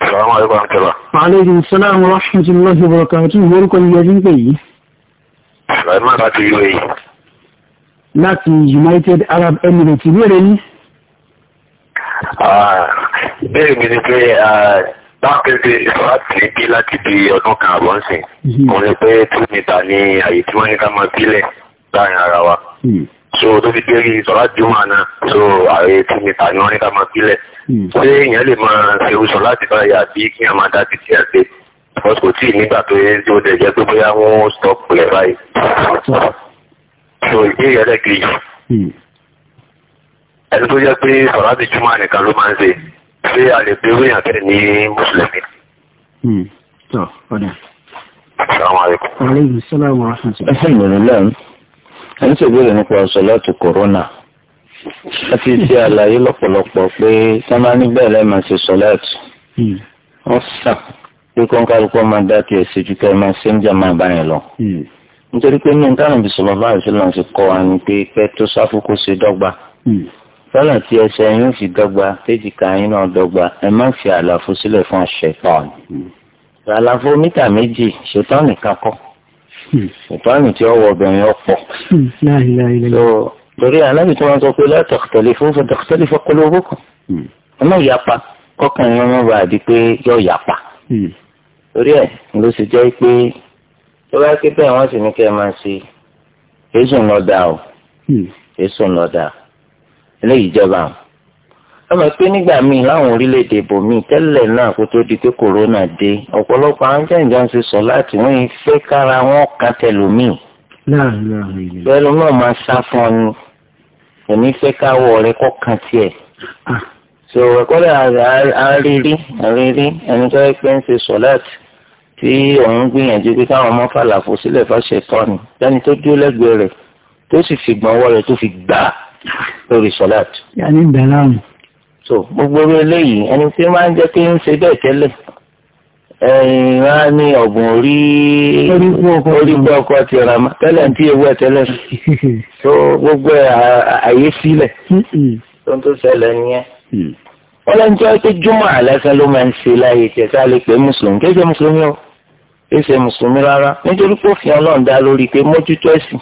Assalamu alaikum kẹlá. Aleykum salaam wa rahmatullahi wa barakatuh. Ìwé orúkọ ni Yẹ́dín pè yìí. Ṣàlàyé máa láti ilé yìí láti United Arab Emirates ìbéèrè yìí. Ah, ìbéèrè mi ni pé ah, bákẹ́gbẹ́ láti bí láti bí ọdún kan àbọ̀ ńsìn hmm. mo ní pé two mita ní àyè tí wọ́n ní ká máa bílẹ̀ láàrin ara wa hmm. so tó fi dé rí sọlá jùmọ̀ náà so àyè two mita ní wọ́n ní ká máa bílẹ̀ hmm. ṣé èèyàn lè máa ṣe oṣù láti báyà bí kí a máa dá títí àti because kò tí ì nígbà tó yẹ tí ó dẹ̀ jẹ́ pé bóyá wọ́n stop rẹ̀ báyìí ìwò ìbéèrè ẹlẹ́kejì hmm. ẹni tó jẹ́ pé sọ̀rọ̀dì jùmọ̀ nìkan ló máa ń ṣe ṣé a lè pe orí àtẹ ní mùsùlùmí. Hmm. tọ́ ọ̀dà. salaamaleykum. aleykum salaam wa rahmatulah. alhamdulilayi ẹni tó gbọ́dọ̀ nípa sọ̀láàtù kòrónà láti ṣe àlàyé lọ́pọ̀lọpọ̀ pé tá máa ní bẹ́ẹ̀ lẹ́ẹ̀ máa ṣe sọ̀láàtù hmm. wọ́n sàn pé kọ́ńkálukọ́ máa dá tiẹ̀ síjú kẹ́ máa ṣe ń jà máa bá yẹn lọ nítorí pé ní ìtàn àbí sọ̀rọ̀ báyìí sílẹ̀ ti kọ́ wa ni pé pẹ́ tó sáfù kó ṣe dọ́gba sọ́nà hmm. tí ẹsẹ̀ yín fi dọ́gba tẹ́jìká yín náà dọ́gba ẹ má fi àlàfo sílẹ̀ fún ṣẹ̀tán hmm. àlàfo mítà méjì ṣẹ̀tán nìkan kọ́ hmm. ṣẹ̀tán tí ọwọ́ obìnrin ọ̀pọ̀ torí anábì tí wọ́n sọ pé látọ̀kítọ́lé fún fọ́tọ̀kítọ́lé fọ́kọ́lé owó kan ẹ má yapa kọ́kàn yín ọmọ bá a di pé yọ yapa torí ẹ̀ ló ṣe jẹ́ pé tó bá ké bẹ́ẹ̀ wọ́n sì ní kẹ́ ẹ máa ṣe èso ń lọ dà o hmm. èso ń lọ dà eléyìí jọba o ọmọ pé nígbà míì láwọn orílẹ̀-èdè ibòmíì tẹ́lẹ̀ náà kó tó di pé kòrónà dé ọ̀pọ̀lọpọ̀ àwọn jẹ́ǹjẹ́ ń ṣe sọ láti wọ́n yìí fẹ́ kára wọn kan tẹlòmíì pẹ̀lú náà máa sá fún ọ ni kò ní fẹ́ káwọ́ rẹ kọ́ kan tiẹ̀ ah. so ẹ̀kọ́ rẹ̀ àrírí àrírí ẹni tó yẹ pé ń ṣe sọ láti tí òun gbìyànjú pé káwọn ọmọ fàlàfo sílẹ̀ fàṣẹ tọ́ni lẹ́ni tó dúró lẹ́gbẹ̀ẹ́ rẹ̀ tó sì fi gbọ́n wọ́ rẹ̀ tó fi gbà lórí sọ́láàtì. yanni bẹ̀ láàmú. so gbogbo eléyìí ẹni tí máa ń jẹ́ pé ń ṣe bẹ́ẹ̀ tẹ́lẹ̀ ẹ̀yìn wá ní ọ̀gbìn orí orí gbọ́ ọkọ ti ra ma tẹ́lẹ̀ tí ewu ẹ̀ tẹ́lẹ̀ so gbogbo àyè sílẹ̀ tó ń tó ṣẹlẹ̀ nìyẹn mm. wọ́n lẹ́nu tí wọ́n ti júmọ̀ àlẹ́sẹ̀ ló máa ń ṣe láyé tẹ̀sán lè pè é mùsùlùmí kéde mùsùlùmí o èsè mùsùlùmí rárá nítorí pé òfin ọlọ́run dá lórí pé mójútó ẹ̀sìn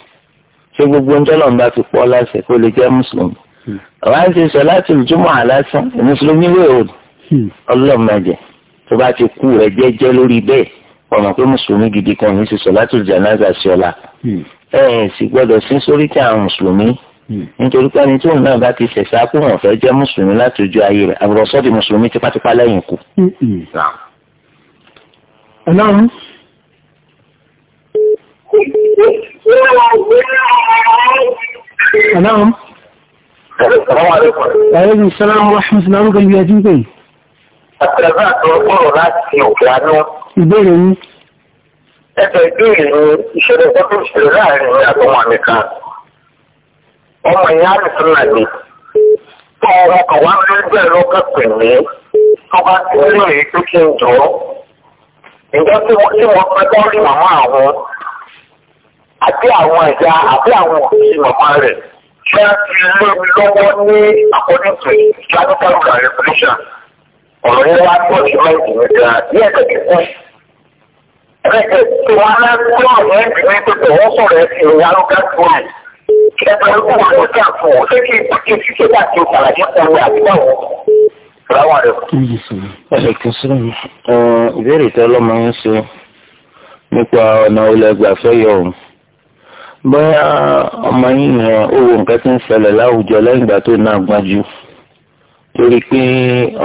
ṣé gbogbo ń tọ́lọ̀ ń bá fi pọ́ láṣẹ kó lè jẹ́ mùsùlùmí. Hmm. àwọn àti sọ láti ìjùmọ̀ àlásán mùsùlùmí wẹ̀ o hmm. ọlọ́run máa jẹ tó bá ti kú rẹ̀ jẹ́jẹ́ lórí bẹ́ẹ̀ ọmọ pé mùsùlùmí gidi kan yìí ṣe sọ láti ìjànáza sí ọ̀la. ẹ hmm. ẹ sì gbọ́dọ̀ sí sórí tí àwọn mùsùlùmí nítorí pé ẹni tí òun náà bá ti ṣẹ̀ṣẹ̀ kó wọn fẹ́ jẹ́ mùsùlùmí láti ojú ayé rẹ̀ àbúrò sọ́ọ̀dì mùsùlùmí tipátipá lẹ́yìn ikú. Hello. Salam. Àyẹ́bí Sọ́lámù Wáṣíṣẹ́ lórúkọ ibi ẹjú pé. Àtẹ̀lẹ́bà tó gbọ́rọ̀ láti ọ̀gá náà. Ìbéèrè yìí. Ẹ̀fẹ̀ ìbéèrè ni ìṣẹ̀lẹ̀ tó ṣẹlẹ̀ láàrin àtọmọ mi kan. Ọmọ ìyá mi tún àti àwọn ẹ̀dá àti àwọn òṣìṣẹ́ màmá rẹ̀ tí a ti lé mi lọ́wọ́ ní àkọ́dúnṣe islamic african revolution ọ̀rọ̀ yẹn wá pọ̀ sí mẹ́jì mi gan ní ẹ̀kẹ́ kíkú. ẹ̀kẹ́ tí wọ́n á tó ọ̀rọ̀ ẹ̀jì mi tó tẹ̀wọ́ sọ̀rọ̀ ẹ̀sìn ìwé arúgbó tóyè. ẹ̀kẹ́ ikú wọn ló jà fún ọ ṣé kí ìpàkì ṣiṣẹ́ láti ìpàlàjẹ́ kan ní àdúgbò ìbéèrè tí ọlọ́mọ yín ṣe nípa ọ̀nà olè gbàfẹ́ yọ̀ ọ̀hún bóyá ọmọ yìí yẹn ó wo nǹkan tí ń ṣẹlẹ̀ láwùjọ lẹ́yìn ìgbà tó náà gbájú torí pé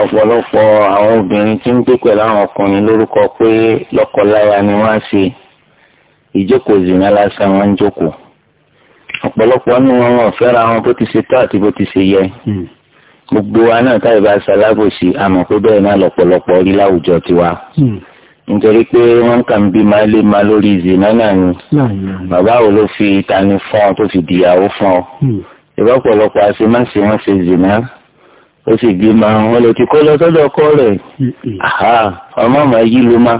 ọ̀pọ̀lọpọ̀ àwọn obìnrin tí ń gbé pẹ̀lú àwọn ọkùnrin lórúkọ pé lọ́kọláya ni wọ́n á ṣe ìjókòó zìnà lásán wọn ń jókòó ọ̀pọ̀lọpọ̀ nínú wọn wọn fẹ́ra wọn bó ti ṣe tó àti bó ti ṣe yẹ hmm. gbogbo wa náà táyì bá ṣalábòsí àmọ́ pé bẹ́ẹ̀ náà lọ́pọ̀lọpọ̀ rí láwùjọ tiwa. Hmm nítorí pé wọ́n kàn bí máa lé máa lórí ìzìnà náà ni bàbá wo ló fi tani fún ọ tó fi dìyàwó fún ọ hmm. ìbọ̀pọ̀lọpọ̀ àṣemáṣe wọ́n ṣe zìnà ó sì bí máa wọn lè ti kó lọ sọ́dọ̀ ọkọ rẹ̀ hmm, hmm. ọmọ àmọ́ yí ló má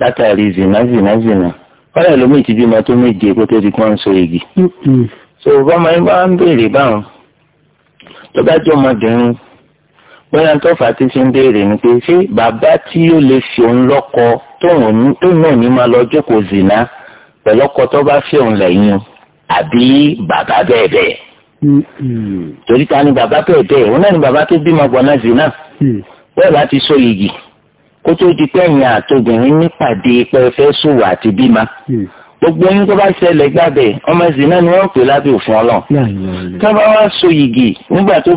látàrí zìnà zìnà zìnà wọ́n lè lómi ìtìjú máa tó méje kó tó di kó ń so igi so bọ́mọ yín bá ń béèrè báwọn tó ọmọdé ń bóyá tó fà á ti ṣe ń béèrè ni pé ṣé bàbá tí yóò lè fi òun lọ́kọ tóun náà ní máa lọ jókòó zìnà pẹ̀lọ́kọ tó bá fi òun lẹ́yìn àbí bàbá bẹ́ẹ̀ bẹ́ẹ̀. Mm-hmm. torí ta ni bàbá bẹ́ẹ̀ bẹ́ẹ̀ òun náà ni bàbá tó bímọ gbọ́ná zìnà mm-hmm. bẹ́ẹ̀ bá ti so yìgì kó tó di pẹ́yìn àtobìnrin nípàdé pẹ́ẹ́fẹ́ sòwò àti bímọ mm-hmm. gbogbo yín tó bá ṣẹlẹ̀ gbàbẹ̀ ọmọ ẹ̀sìn ni wọ́n pè lábẹ́ òfin ọlọ́run tí wọ́n bá wá so yìgì nígbà tó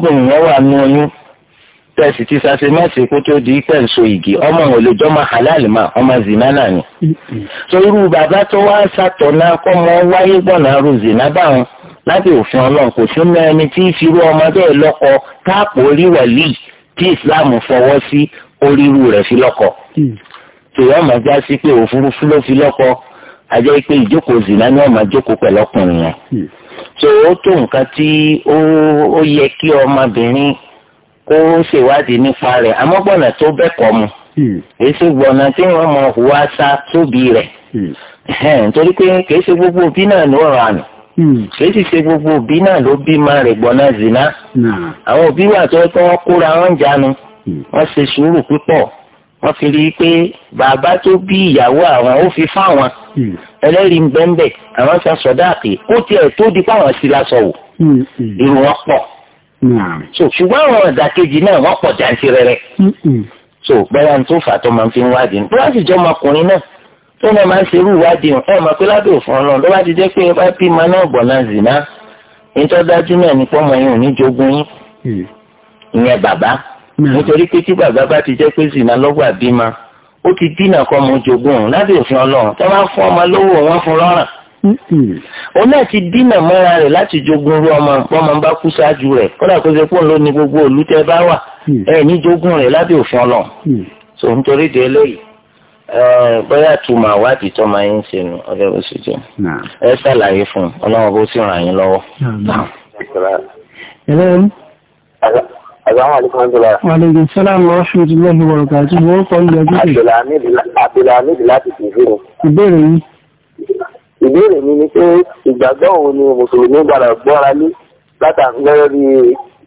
tẹ̀sí ti sase mẹ́sì kó tó di pẹ̀ ń so igi ọmọ òun lè jọ́ máa halal ma ọmọ zina náà ni. so irú bàbá tó wá sàtọ̀nà kọ́ mọ wáyé gbọ̀nà arú zina báwọn láti òfin ọlọ́run kò sí mọ ẹni tí ìfirú ọmọ bẹ́ẹ̀ lọ́kọ káàpọ̀ orí wàlí tí islam fọwọ́ sí orírú rẹ̀ fi lọ́kọ. tòyọ́ ọmọ já sí pé òfurufú ló fi lọ́kọ àjẹ́ pé ìjókòó zina ni ọmọ jókòó pẹ̀lọ́kùnrin yẹn. so ó tó nǹkan tí ó yẹ kí ọmọbìnrin kó ṣèwádìí nípa rẹ̀ amọ́gbọ̀nà tó bẹ́kọ̀ mu èyí hmm. sì gbọ̀nà tí wọ́n mọ hùwà sá tóbi rẹ̀ hmm. nítorí pé kìí ṣe gbogbo òbí náà ló rà nù kìí sì ṣe gbogbo òbí náà ló bí máa rẹ̀ gbọ̀nà zina àwọn òbí wà tó yẹ kí wọ́n kóra wọn jánu hmm. wọ́n ṣe sùúrù púpọ̀ wọ́n fi rí i pé bàbá tó bí ìyàwó àwọn ó fi fáwọn ẹlẹ́rìí ń bẹ́ńbẹ́ àwọn sọ sọ̀dáàkì kó tiẹ̀ tó di pàwọn sí lásọ̀wò irun so ṣùgbọ́n àwọn ọ̀dàkejì náà wọ́n pọ̀ jàǹtìrẹrẹ so bẹ́ẹ̀ ni tó fà tó máa fi ń wádìí ní kíláàsì jọ ọmọkùnrin náà tó náà máa ń ṣerú ìwádìí ẹ̀ mọ̀ pé lábẹ́ òfin ọlọ́run ló bá ti jẹ́ pé bá bímọ náà gbọ̀n náà zì náà nítorí dájú náà ni pọ́nmọ yìí ò ní jogún yín mm. ìyẹn bàbá nítorí pé tí bàbá bá ti jẹ́ pé zì náà lọ́gbà bímọ ó ti dínà kọ́ mọ jogún lábẹ́ òfin ọlọ́run tó bá fún ọmọ lówó wọn fún lọ́rùn òun náà ti dínà mọ́ra rẹ̀ láti jogun rú ọmọ ọmọ bá kú ṣáájú rẹ̀ kódà kó ṣe pọ́n ló ní gbogbo òlú tẹ́ bá wà hmm. ẹ̀ ní jogun rẹ̀ lábẹ́ òfin ọlọ́run hmm. so nítorí de eléyìí bóyá túmọ̀ àwádìí tó máa ń ṣe nù ọjọ́ bó ṣe jẹ́ ẹ ṣàlàyé fún un ọlọ́run bó sì ràn yín lọ́wọ́. Àgbàmọ̀lẹ́kùn Àjọlá. Wàlẹ́gùn Sálàmù Rọ́ṣùdúnlọ́hì Wọ̀rọ̀kà tí wọ́n kọ́ ń yọjú. Àjọlá Amídìlá ti fi ìbéèrè. Ìbéèrè yìí ìbéèrè mi ni pé ìgbàgbọ́ òun ni mùsùlùmí gbàdọ̀ gbọ́ra lé látàrí lórí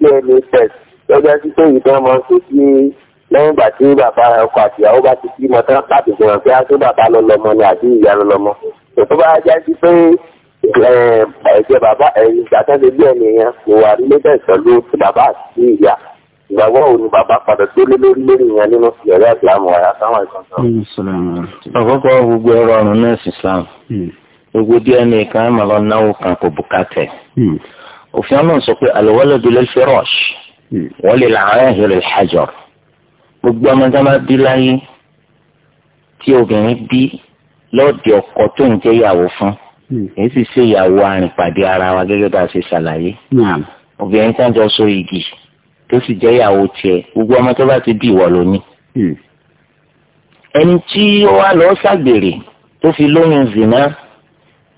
pnss lọ́jọ́ sí pé ìtàn máa ń ṣe sí lẹ́yìn ìgbà tí bàbá ọkọ àti ìyàwó bá ti bí mọ tán láti fi hàn pé á tó bàbá lọ lọmọ ni àti ìyá lọ lọmọ ètò bá já sí pé eh, ẹ̀jẹ̀ bàbá ẹ̀yìn eh, ìgbàtàn lè bí ẹni yẹn kò wà nílé bẹ́ẹ̀ pẹ̀lú bàbá àti ìyá ìgbàgbọ́ òun ni bàbá padà tó lé lórí lórí yẹn nínú ìyẹ̀rẹ́ ìsìlámù ọ̀yà táwọn ìkànnì. gbogbo ẹ̀rọ ọ̀run nẹ́ẹ̀sì islam hmm gbogbo dna kan ẹ̀ máa lọ náwó kan kò bùkátẹ̀. Hmm. òfin ọlọ́run sọ pé al-waladu lil-firash hmm. wa lil-'ahir al-hajar gbogbo ọmọdé máa bí láyé tí obìnrin bí lọ́ọ̀dì ọkọ tó ń jẹ́ ìyàwó fún èyí hmm. sì ṣe ìyàwó àrìnpàdé ara wa gẹ́gẹ́ bá a ṣe ṣàlàyé obìnrin kan jọ so igi tó sì jẹ́ ìyàwó tiẹ̀ gbogbo ọmọ bá ti bí ìwọ ló ẹni tí ó wá lọ ṣàgbèrè tó fi lóyún zina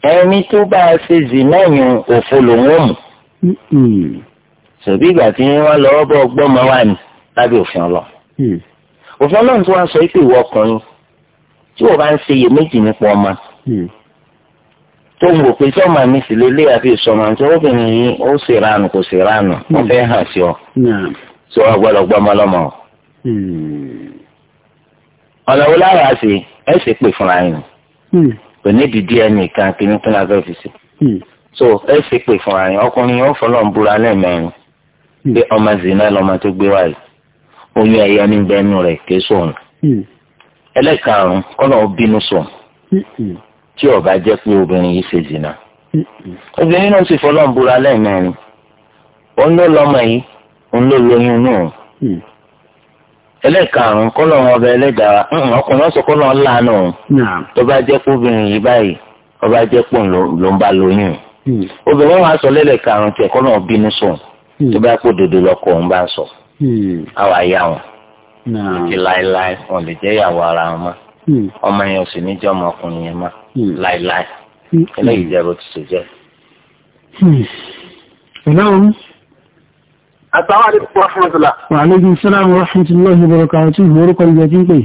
ẹni tó bá a ṣe zì náà yun òfo lòun ò mú. sòbí ìgbà tí wọ́n lọ ọbọ gbọmọ wa ni lábẹ́ òfin ọlọ. òfin ọlọ́run tó wá sọ pé ìwọ ọkùnrin tí wọ́n bá ń ṣe iyèméjì nípa ọmọ tó ń wò pé sọ́mà mi sì lélẹ́ àfi ìsọmọ àti obìnrin yìí ó sì ránu kò sì ránu wọ́n fẹ́ hàn sí ọ. sọ wá gbọ́dọ̀ gbọmọ lọ́mọ. ọ̀nà wo lára ṣe ẹ̀ ṣe pè fúnra yín kò ní dìdí ẹnìkan kìíní tó náà fẹ́ fi sí. Hmm. so ẹ ṣe pé fúnra yín ọkùnrin yóò fọlọ́ ń búra lẹ́ẹ̀mẹrin hmm. pé ọmọ zina lọmọ tó gbé wáyé oyún ẹ̀yọ ní bẹ́ẹ̀nu rẹ̀ ké sóhun. Hmm. ẹlẹ́karùn-ún kọ́nà ó bínú sùn tí ó bá jẹ́ pé obìnrin yìí ṣe zina. obìnrin náà sì fọlọ́ ń búra lẹ́ẹ̀mẹrin òun ló lọ́mọ yìí òun ló lóyún náà. ẹlẹ́ẹ̀karùn-ún kọ́ lọ́wọ́ ọba ẹlẹ́dàá ọkùnrin ọ̀sọ̀ kọ́ lánàá o tó bá jẹ́ pé yìí báyìí ọba jẹ́ ló ń bá lóyún hmm. obìnrin wa sọ lẹ́lẹ́ẹ̀karùn tiẹ̀ kọ́ bínú sùn hmm. tó bá bá ń sọ àwọn hmm. àyà wọn títí láéláé wọn lè jẹ́ ìyàwó ara wọn ọmọ yẹn sì ní jẹ́ Assalamu alaykum wa rahmatullah. Wa alaykum assalam wa rahmatullahi wa barakatuh. Orúkọ ìjọ jí ń pè.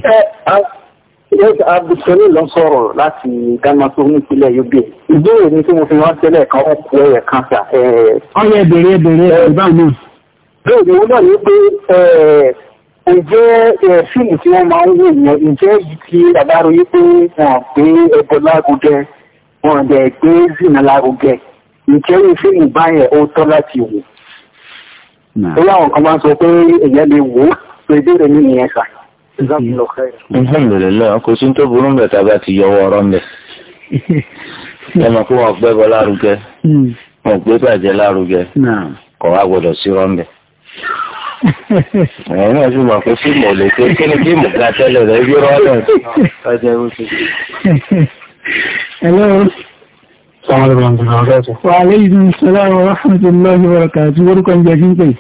Ẹ Abdulsani lọ sọ̀rọ̀ láti Ghana tó ní ìpínlẹ̀ Yobe. Ìbéèrè ni tí mo fi wá tẹ́lẹ̀ kan ó kú ẹ̀yẹ̀ kan sà. Ọyẹ bèrè bèrè ìbá náà. Bẹ́ẹ̀ ni wọ́n náà ní pé ǹjẹ́ fíìmù tí wọ́n máa ń wò yẹn ǹjẹ́ yìí ti àdáró yìí pé wọ́n gbé ẹbọ lárugẹ wọ́n dẹ̀ gbé zina lárugẹ ǹjẹ́ fíìmù báyẹn ó tọ́ láti wò bóyá àwọn kan máa sọ pé èèyàn lè wò ó pé ìbéèrè mi nìyẹn sà. alhamdulilayi kò sí tó burú bẹ̀ tá a bá ti yọwọ́ ọ̀rọ̀ mẹ́ ẹ mọ̀ pé wọn gbẹ́ bọ́ lárugẹ hmm. wọn gbé bàjẹ́ lárugẹ kọ̀ wá gbọdọ̀ sí rọ́ńbẹ́ ẹ̀yin náà sì mọ̀ pé fíìmù ò pé kí ni fíìmù ga tẹ́lẹ̀ rẹ̀ bí rọ́ọ̀lẹ̀ ọjọ́ ìwé Hello. Sọ́wọ́n lè bá ń gbìyànjú ọ̀gá ẹ̀sẹ̀. Wà á sọ́lá wa rahmatullahi wa barakatuh. Wọ́n kàn jẹ́ kí n pè é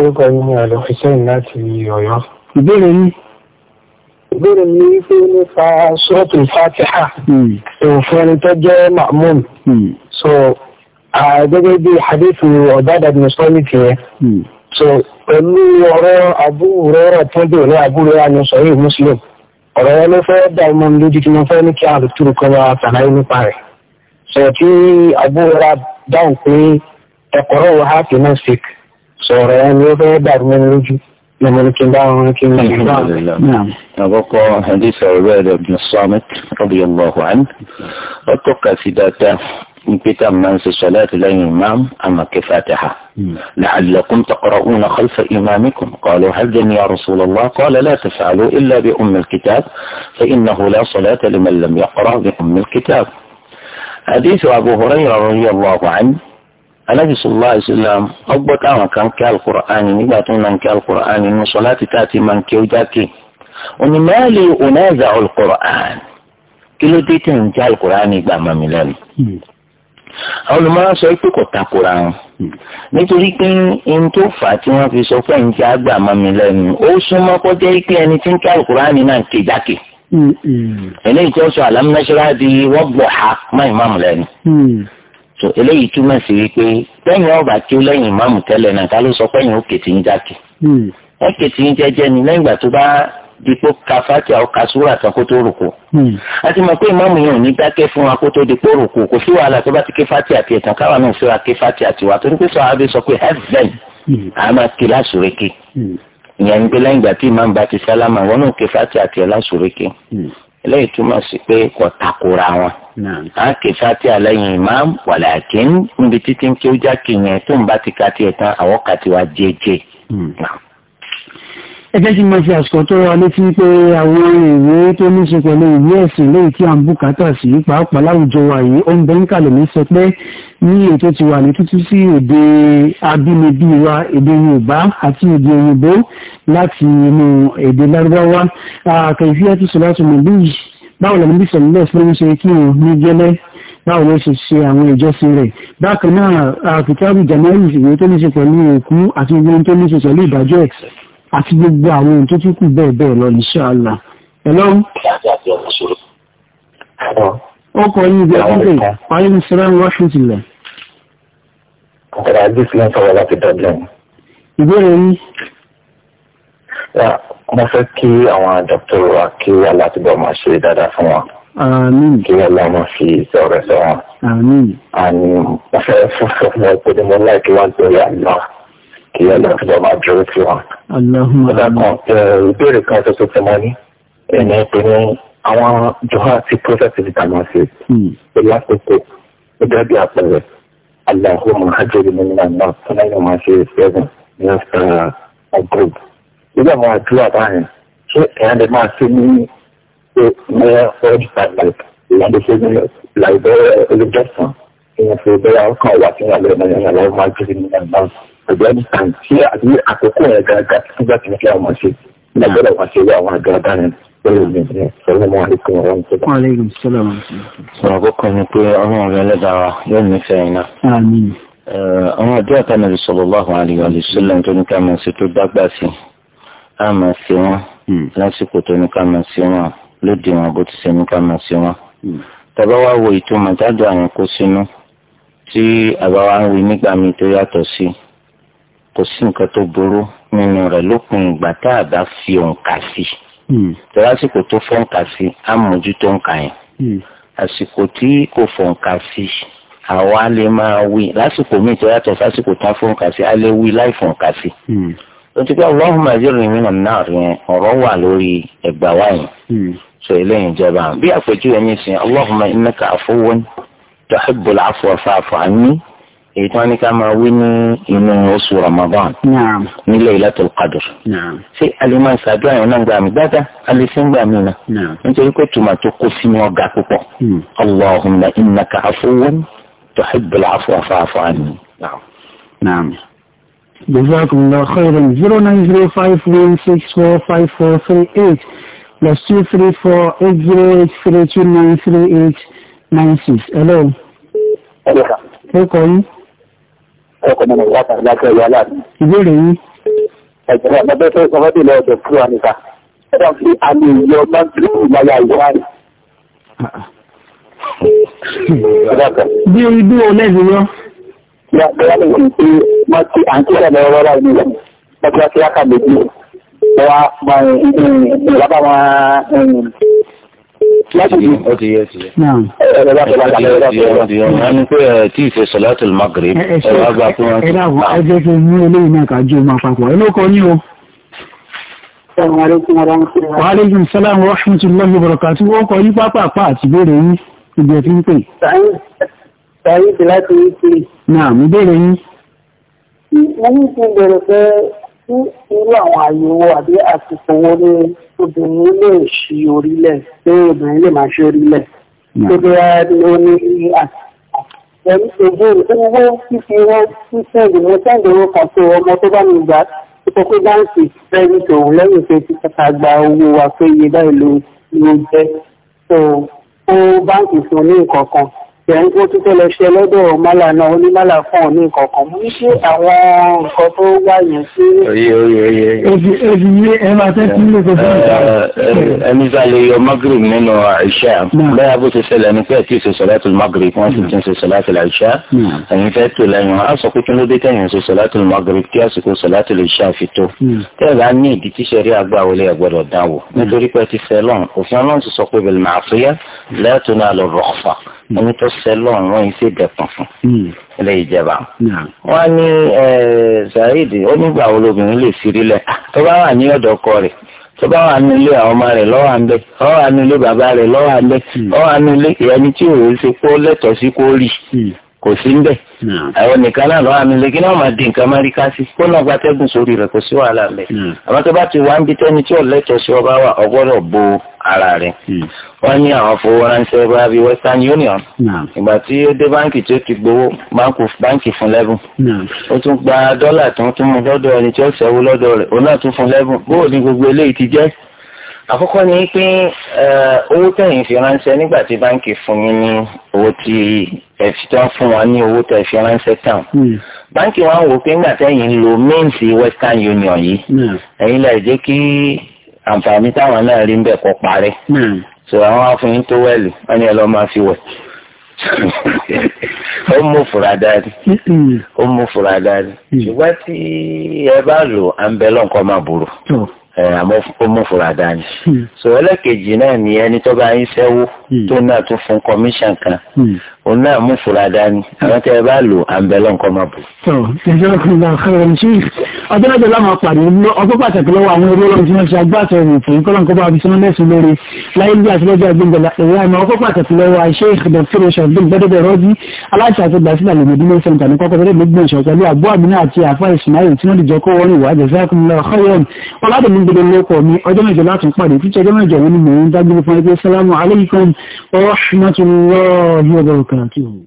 orúkọ yìí ni ọ̀lọ́ hussein láti ọ̀yọ́. ìbéèrè yìí. ìbéèrè mi wípé nípa sọ́ọ̀tù fatiha hmm. òfin tó jẹ́ ma'mum hmm. so gẹ́gẹ́ bí hadith ọ̀dádà ní sọ́ọ̀lì tiẹ̀ hmm. so pẹ̀lú ọ̀rọ̀ àbúrò tó dè ní àbúrò àyàn sọ̀rọ̀ muslim ọ̀rọ̀ wọn ló fẹ́ dá ọmọ mi lójú tí mo fẹ́ ní kí àlùtúrù kan wá tàlàyé nípa rẹ̀ sọ̀rọ̀ tí àbúrò dáhùn pé ẹ̀kọ́rọ̀ wọ́n há fi náà sèkì sọ̀rọ̀ ẹ ni ó fẹ́ dàrú mẹ́rin lójú نعم حديث عبادة بن الصامت رضي الله عنه وتقع في ذاته كتاب من صلاة الإمام أما كفاتحة لعلكم تقرؤون خلف إمامكم قالوا هل يا رسول الله قال لا تفعلوا إلا بأم الكتاب فإنه لا صلاة لمن لم يقرأ بأم الكتاب حديث أبو هريرة رضي الله عنه anabi sallallahu alayhi wa sallam ọgbọ́ táwọn kan kí alukur'ani nígbà tó ń nà ń kí alukur'ani nù sọlá ti tà ti máa ń kí ó jákè onímọ̀ọ́lì onáza alukur'an kí ló dé tí ń já alukur'ani gbà má mi lẹ́nu. àwọn olùmọ̀ràn sọ pé kò takora wọn nítorí pé ohun tó fà á tí wọ́n fi sọ pé ń já gbà má lẹ́nu ó súnmọ́ kọjá pé ẹni tí ń kí alukur'ani náà ń ké jákè mm-hmm. eléyìí tó alámúnáṣẹ́lá di wọ́n gbọ̀ tó eléyìí túmọ̀ sí wípé lẹ́yìn ọba tí ó lẹ́yìn ìmáàmù tẹ́lẹ̀ náà ká ló sọ pé yẹn ń jákè. ń hmm. ni lẹ́yìn ìgbà tó bá kan kó tó rùkù. Hmm. a ti mọ̀ pé ìmáàmù yẹn ò ní dákẹ́ fún wa kó tó rùkù kò sí wàhálà tó bá ti ké àti ẹ̀tàn káwa náà fẹ́ wa ké àti wa hmm. a máa eléyìí túmọ̀ sí pé kò takora wọn. a kì í sáti àlẹ́yìn imam wàlàkín níbi títí ń kí ó jákè yẹn tó ń bá ti ka tiẹ̀ tán àwọn kàtiwá jẹ́jẹ́. Hmm ẹgbẹ́ tí mo fi àsìkò tó rọ létí pé àwọn ìwé tó ní ṣe pẹ̀lú ìwé ẹ̀sìn lẹ́yìn tí à ń bùkátà sí pàápàá láwùjọ wa yìí ó ń bẹ́ ń kàlẹ̀ ní sọ pé ní ètò ti wà ní tútú sí èdè abínibí wa èdè yorùbá àti èdè òyìnbó láti inú èdè lárúbáwá kẹfì àti sọláṣọ mọ̀lú yìí báwo lẹ́nu bí sọ̀rọ̀ lẹ́sìn ló ń ṣe kí òun ní gẹ́lẹ́ báwo ló ṣe ṣe àwọn ìjọsìn rẹ̀ bákan náà àkùtàbí jamaní ìwé tó ní ṣe pẹ̀lú òkú àti ìwé tó ní ṣe pẹ̀lú ìdájọ́ àti gbogbo àwọn ohun tó tún kù bẹ́ẹ̀ bẹ́ẹ̀ lọ insha Allah. Hello. ó kọ yín ibi àkókò wáyé ní sẹ́rán washington lẹ̀. ọ̀kadà àgbẹ̀ sílẹ̀ ń sọ̀rọ̀ láti dublin. ìbéèrè yín. mo fẹ́ kí àwọn dókítà wa kí alátìgbọ̀ máa ṣe dáadáa fún wa. Àmín. Kí ọlọ́run fi sọ̀rọ̀ sọ̀rọ̀. Àmín. Àmín. Mo fẹ́ fún fún ọ̀pọ̀ ní mo láìpẹ́ wá ń tẹ̀lé àná kí ọlọ́run ọba jọrọ sí wọn. ọ̀dà kan ìbéèrè kan ṣoṣo tí ní ẹ̀yìn ẹ̀pẹ̀ àwọn jọ̀há ti prọ́fẹ̀tì vitamin c pẹ̀lú àkókò gẹ́gẹ́ bí àpẹẹrẹ aláhùn àjẹrí nínú àná tó náà máa ṣe seven ní ọgbọ̀n. nígbà àwọn àdúrà báyìí ṣé ẹ̀yà lè máa ṣe ní mẹ́rẹ̀ ọ̀dì pàtàkì ìyá lè ṣe ní làìbẹ̀rẹ̀ olùjọ́sàn ìyẹn fi bẹ́ẹ̀ ọkàn wà sínú àgbẹ̀rẹ̀ náà yàrá máa jẹ́rí nínú àná ọ̀gbẹ́ distance ṣé àti àkókò yẹn gángan nígbà tí wọ́n máa ṣe nígbà gbọ́dọ̀ wọ́n ṣe wá àwọn àgbàlagbà yẹn lórí mi ní ọlọ́mọ àlékún ọ̀rọ̀ ń sọ́kàn. aleykum salaam wa rahmatulah. sọ̀rọ̀ kọ́kọ́ ni pé ọlọ́run rẹ lẹ́dàá wa yóò nífẹ̀ẹ́ iná. àwọn àdúrà kan nàbì sallallahu alaihi wa sallam tó ní ká máa ṣe tó dágbà sí á máa ṣe wọn hmm. lásìkò tó ní ká máa ṣe wọn lóde wọn bó ti ṣe ní ká máa ṣe wọn. Hmm. tàbá wá wo ìtumọ̀ jáde àwọn kó sínú tí àbáwá ń wí nígbà míì tó yàtọ̀ sí i kò sí nǹkan tó burú nínú rẹ̀ lópin ìgbà tá a bá fi òǹkà sí i hmm. tọ́lásìkò tó fọ́ǹkà sí i á mójútó òǹkà yẹn hmm. àsìkò tí kò fọ́ǹkà sí i àwa lè máa wí lásìkò míì tó yàtọ̀ sásìkò tán fọ́ǹkà sí i á lè wí láì fọ́ǹkà sí i hmm. ó ti pé Allahumma ajirni minan nar yẹn ọ̀rọ̀ wà lórí ẹ̀gbà wa yẹn sọ eléyìí jẹba bí àpèjúwe ní sin Allahumma innaka afuwwun tuhibbul afwa fa'fu èyí tí wọ́n ní ká máa wí ní inú oṣù Ramadan ní Laylatul Qadr ṣé alimọ̀ ìṣàdúrà yẹn náà gbà mí dáadáa alẹ́sìn gbà mí náà nítorí pé tòmà tó kó sínú ọgá púpọ̀ hmm. Allahumma innaka afuwun tuhibbul afwa fa'fu anni. Jazakumullahu khairan 09051645438 plus 2348083293896. Hello. Hello. Hello ọkọ̀ mọ̀nà ìwádà lábẹ́ ìyá láàrin. ìbéèrè yìí. ẹ̀jẹ̀ náà lọ́bẹ̀ fẹ́ sọ fọ́dé lọ ọ̀dọ̀ fún wa níta. fi àmì ìyọ máa ń tún ìgbàlá ìwá rẹ̀. bí orí bí wọn lẹ́sìn yọ. ìyá bẹ́ẹ̀ ló ń pe wọ́n ti à ń kí ẹ̀rọ rọ́rọ́ inú rẹ̀ lọ́jọ́ kí á kà méjì. wọ́n á máa ń láti yìí. ó ti yẹ ti yẹ. ẹ̀rọ bá tọ́lá tọ́lá tọ́lá tọ́lá tọ́lá. wọ́n ní pé ẹ̀ tí ìfẹ́ sọ̀láàtì magrib. ẹ ẹ dáhùn ẹ jẹ́ kí n mú eléyìí náà kájú ọmọ àpapọ̀ ẹ ló kọ́ ní o. wa aleykum salaam wa bẹ̀rẹ̀ pé sí irú àwọn àyè wo àbí àsìkò wo ni obìnrin lè ṣí orílẹ̀ pé obìnrin lè máa ṣe orílẹ̀ tó bẹ́ẹ̀ ni ó ní àsìkò ẹ̀mí ṣègbè owó fífi wọn fífẹ́ ìgbìmọ̀ sẹ́ǹdẹ̀ owó kan tó ọmọ tó bá mi gbà tó sọ pé báńkì fẹ́ẹ́rì tòun lẹ́yìn pé ti kẹta gba owó wa pé iye báyìí ló ló jẹ́ tó ó báńkì fún ní nǹkan kan tẹ̀ ń kó títọ́ lọ ṣe lọ́dọ̀ mọ́là náà ó ní mọ́là fún òní kọ̀ọ̀kan mú ní ṣe àwọn nǹkan tó wà yẹn sí. oye oye oye. ebi ebi yé ẹ máa tẹ́ sí ilé tuntun. ẹni sáré yọ magrib nínú àìṣá bẹ́ẹ̀ bó ṣe ṣẹlẹ̀ ní pé ẹ̀ tí ì ṣe sọ̀látul magrib wọ́n sì ti ń ṣe sọ̀látul àìṣá ẹ̀yin fẹ́ tó lẹ́yìn wọn á sọ pé kí ló dé tẹ̀yìn ṣe sọ̀látul magrib kí àsìkò sọ̀látul àìṣá fi tó. tẹ́ẹ̀ bá ní ìdí tíṣẹ̀rí àgbà wọlé ẹ̀gbọ́dọ̀ dánwò nítorí pé ti fẹ́ lọ́n òfin ọlọ́run ti sọ pé bẹ̀rẹ̀ ẹni tó ṣẹ lọ́run wọn yìí ṣèdẹ̀kùn fún hmm. ilé ìjẹba. Hmm. wọ́n ní Saheed ó nígbà wo lobìnrin lè fi rí lẹ̀ ah, tó bá wà ní ọ̀dọ̀ ọkọ rẹ̀ tó bá wà ní ilé àwọn ọmọ rẹ̀ lọ́wọ́ àńbẹ́ ọ̀wà ní ilé bàbá rẹ̀ lọ́wọ́ àńbẹ́ ọ̀wà ní ilé ìyẹn tí òun ṣe kó lẹ́tọ̀ọ́ sí kó rí hmm. kò sí ń hmm. àwọn nìkan náà lọ́wọ́ àmì náà máa di nǹkan máa rí ká sí kó náà gbàtẹ́gùn sórí rẹ̀ kò sí wàhálà ń hmm. àwọn tó bá ti wá ń bi tẹ́ni tí ọ̀lẹ́tọ̀ sí ọba wà bo ara rẹ̀. Hmm. wọ́n ní àwọn fowó bá Western Union. ìgbà tí ó dé báǹkì tó ti gbowó báǹkì fún lẹ́bùn. ó tún gba dọ́là tó lọ́dọ̀ ẹni ẹ̀fí tó ń fún wọn ní owó tẹ̀ fi ránṣẹ́ tán. Hmm. báńkì wọn wò pé nígbà tẹ́yìn ń lo mains western union yìí hmm. ẹ̀yin lè jẹ́ kí àǹfààní táwọn náà rí ń bẹ̀ kọ́ parẹ́. Hmm. sọ àwọn afúnyín tó wẹ̀lì wọn ni ẹ lọ́ọ́ máa fi wẹ̀. ó mú fura dáadé ó mú fura dáadé ṣùgbọ́n tí ẹ bá lò à ń máa burú àmọ́ ó mú fura dání. sọ ẹlẹ́kejì náà ni ẹni tó bá yín sẹ́wó tó náà tún fún kọmíṣàn kan òun náà mú fura dání àwọn tẹ ẹ bá lò àǹbẹ̀lọ́ nǹkan máa bù. ṣèjọba kò gbà kọrọ ní ṣíì ọjọ́ ìjọba máa pàdé ọgbọ́n pàtàkì lọ́wọ́ àwọn eré ọlọ́run tí wọ́n ṣe agbáṣọ ìrètí kọ́lọ́n kọ́ bá wa fi sọ́nà mẹ́sìn lórí láyé bí àtúnlọ́jọ́ àgbẹ̀gbẹ̀lá ẹ̀rọ àmọ́ ọgbọ́n pàtàkì lọ́wọ́ àṣẹ ìdọ̀tírò ṣọ̀gbìn gbẹ́dẹ́gbẹ̀ rọ́jí aláṣẹ àti gbàsílẹ̀ lè mẹ́dínlẹ̀ sẹ́ńtà ní kọ́kọ́ tẹ́lẹ̀ gbẹ̀gbẹ̀ ìṣọ̀ pẹ̀lú àgbọ́ àbínú àti àfọ́ ìsìnmáyò tí wọ́n dìjọ kó wọ́n ìwà jazakumullahu khairan ọládùn ní gbẹ̀dẹ̀ lóko mi ọjọ́ mẹ́jọ láti pàdé tí ọjọ́ mẹ́jọ wọn ni mò ń dágbére fún ẹgbẹ́ sálámù alaykum wa rahmatullahi wa barakatuh guarantee होगी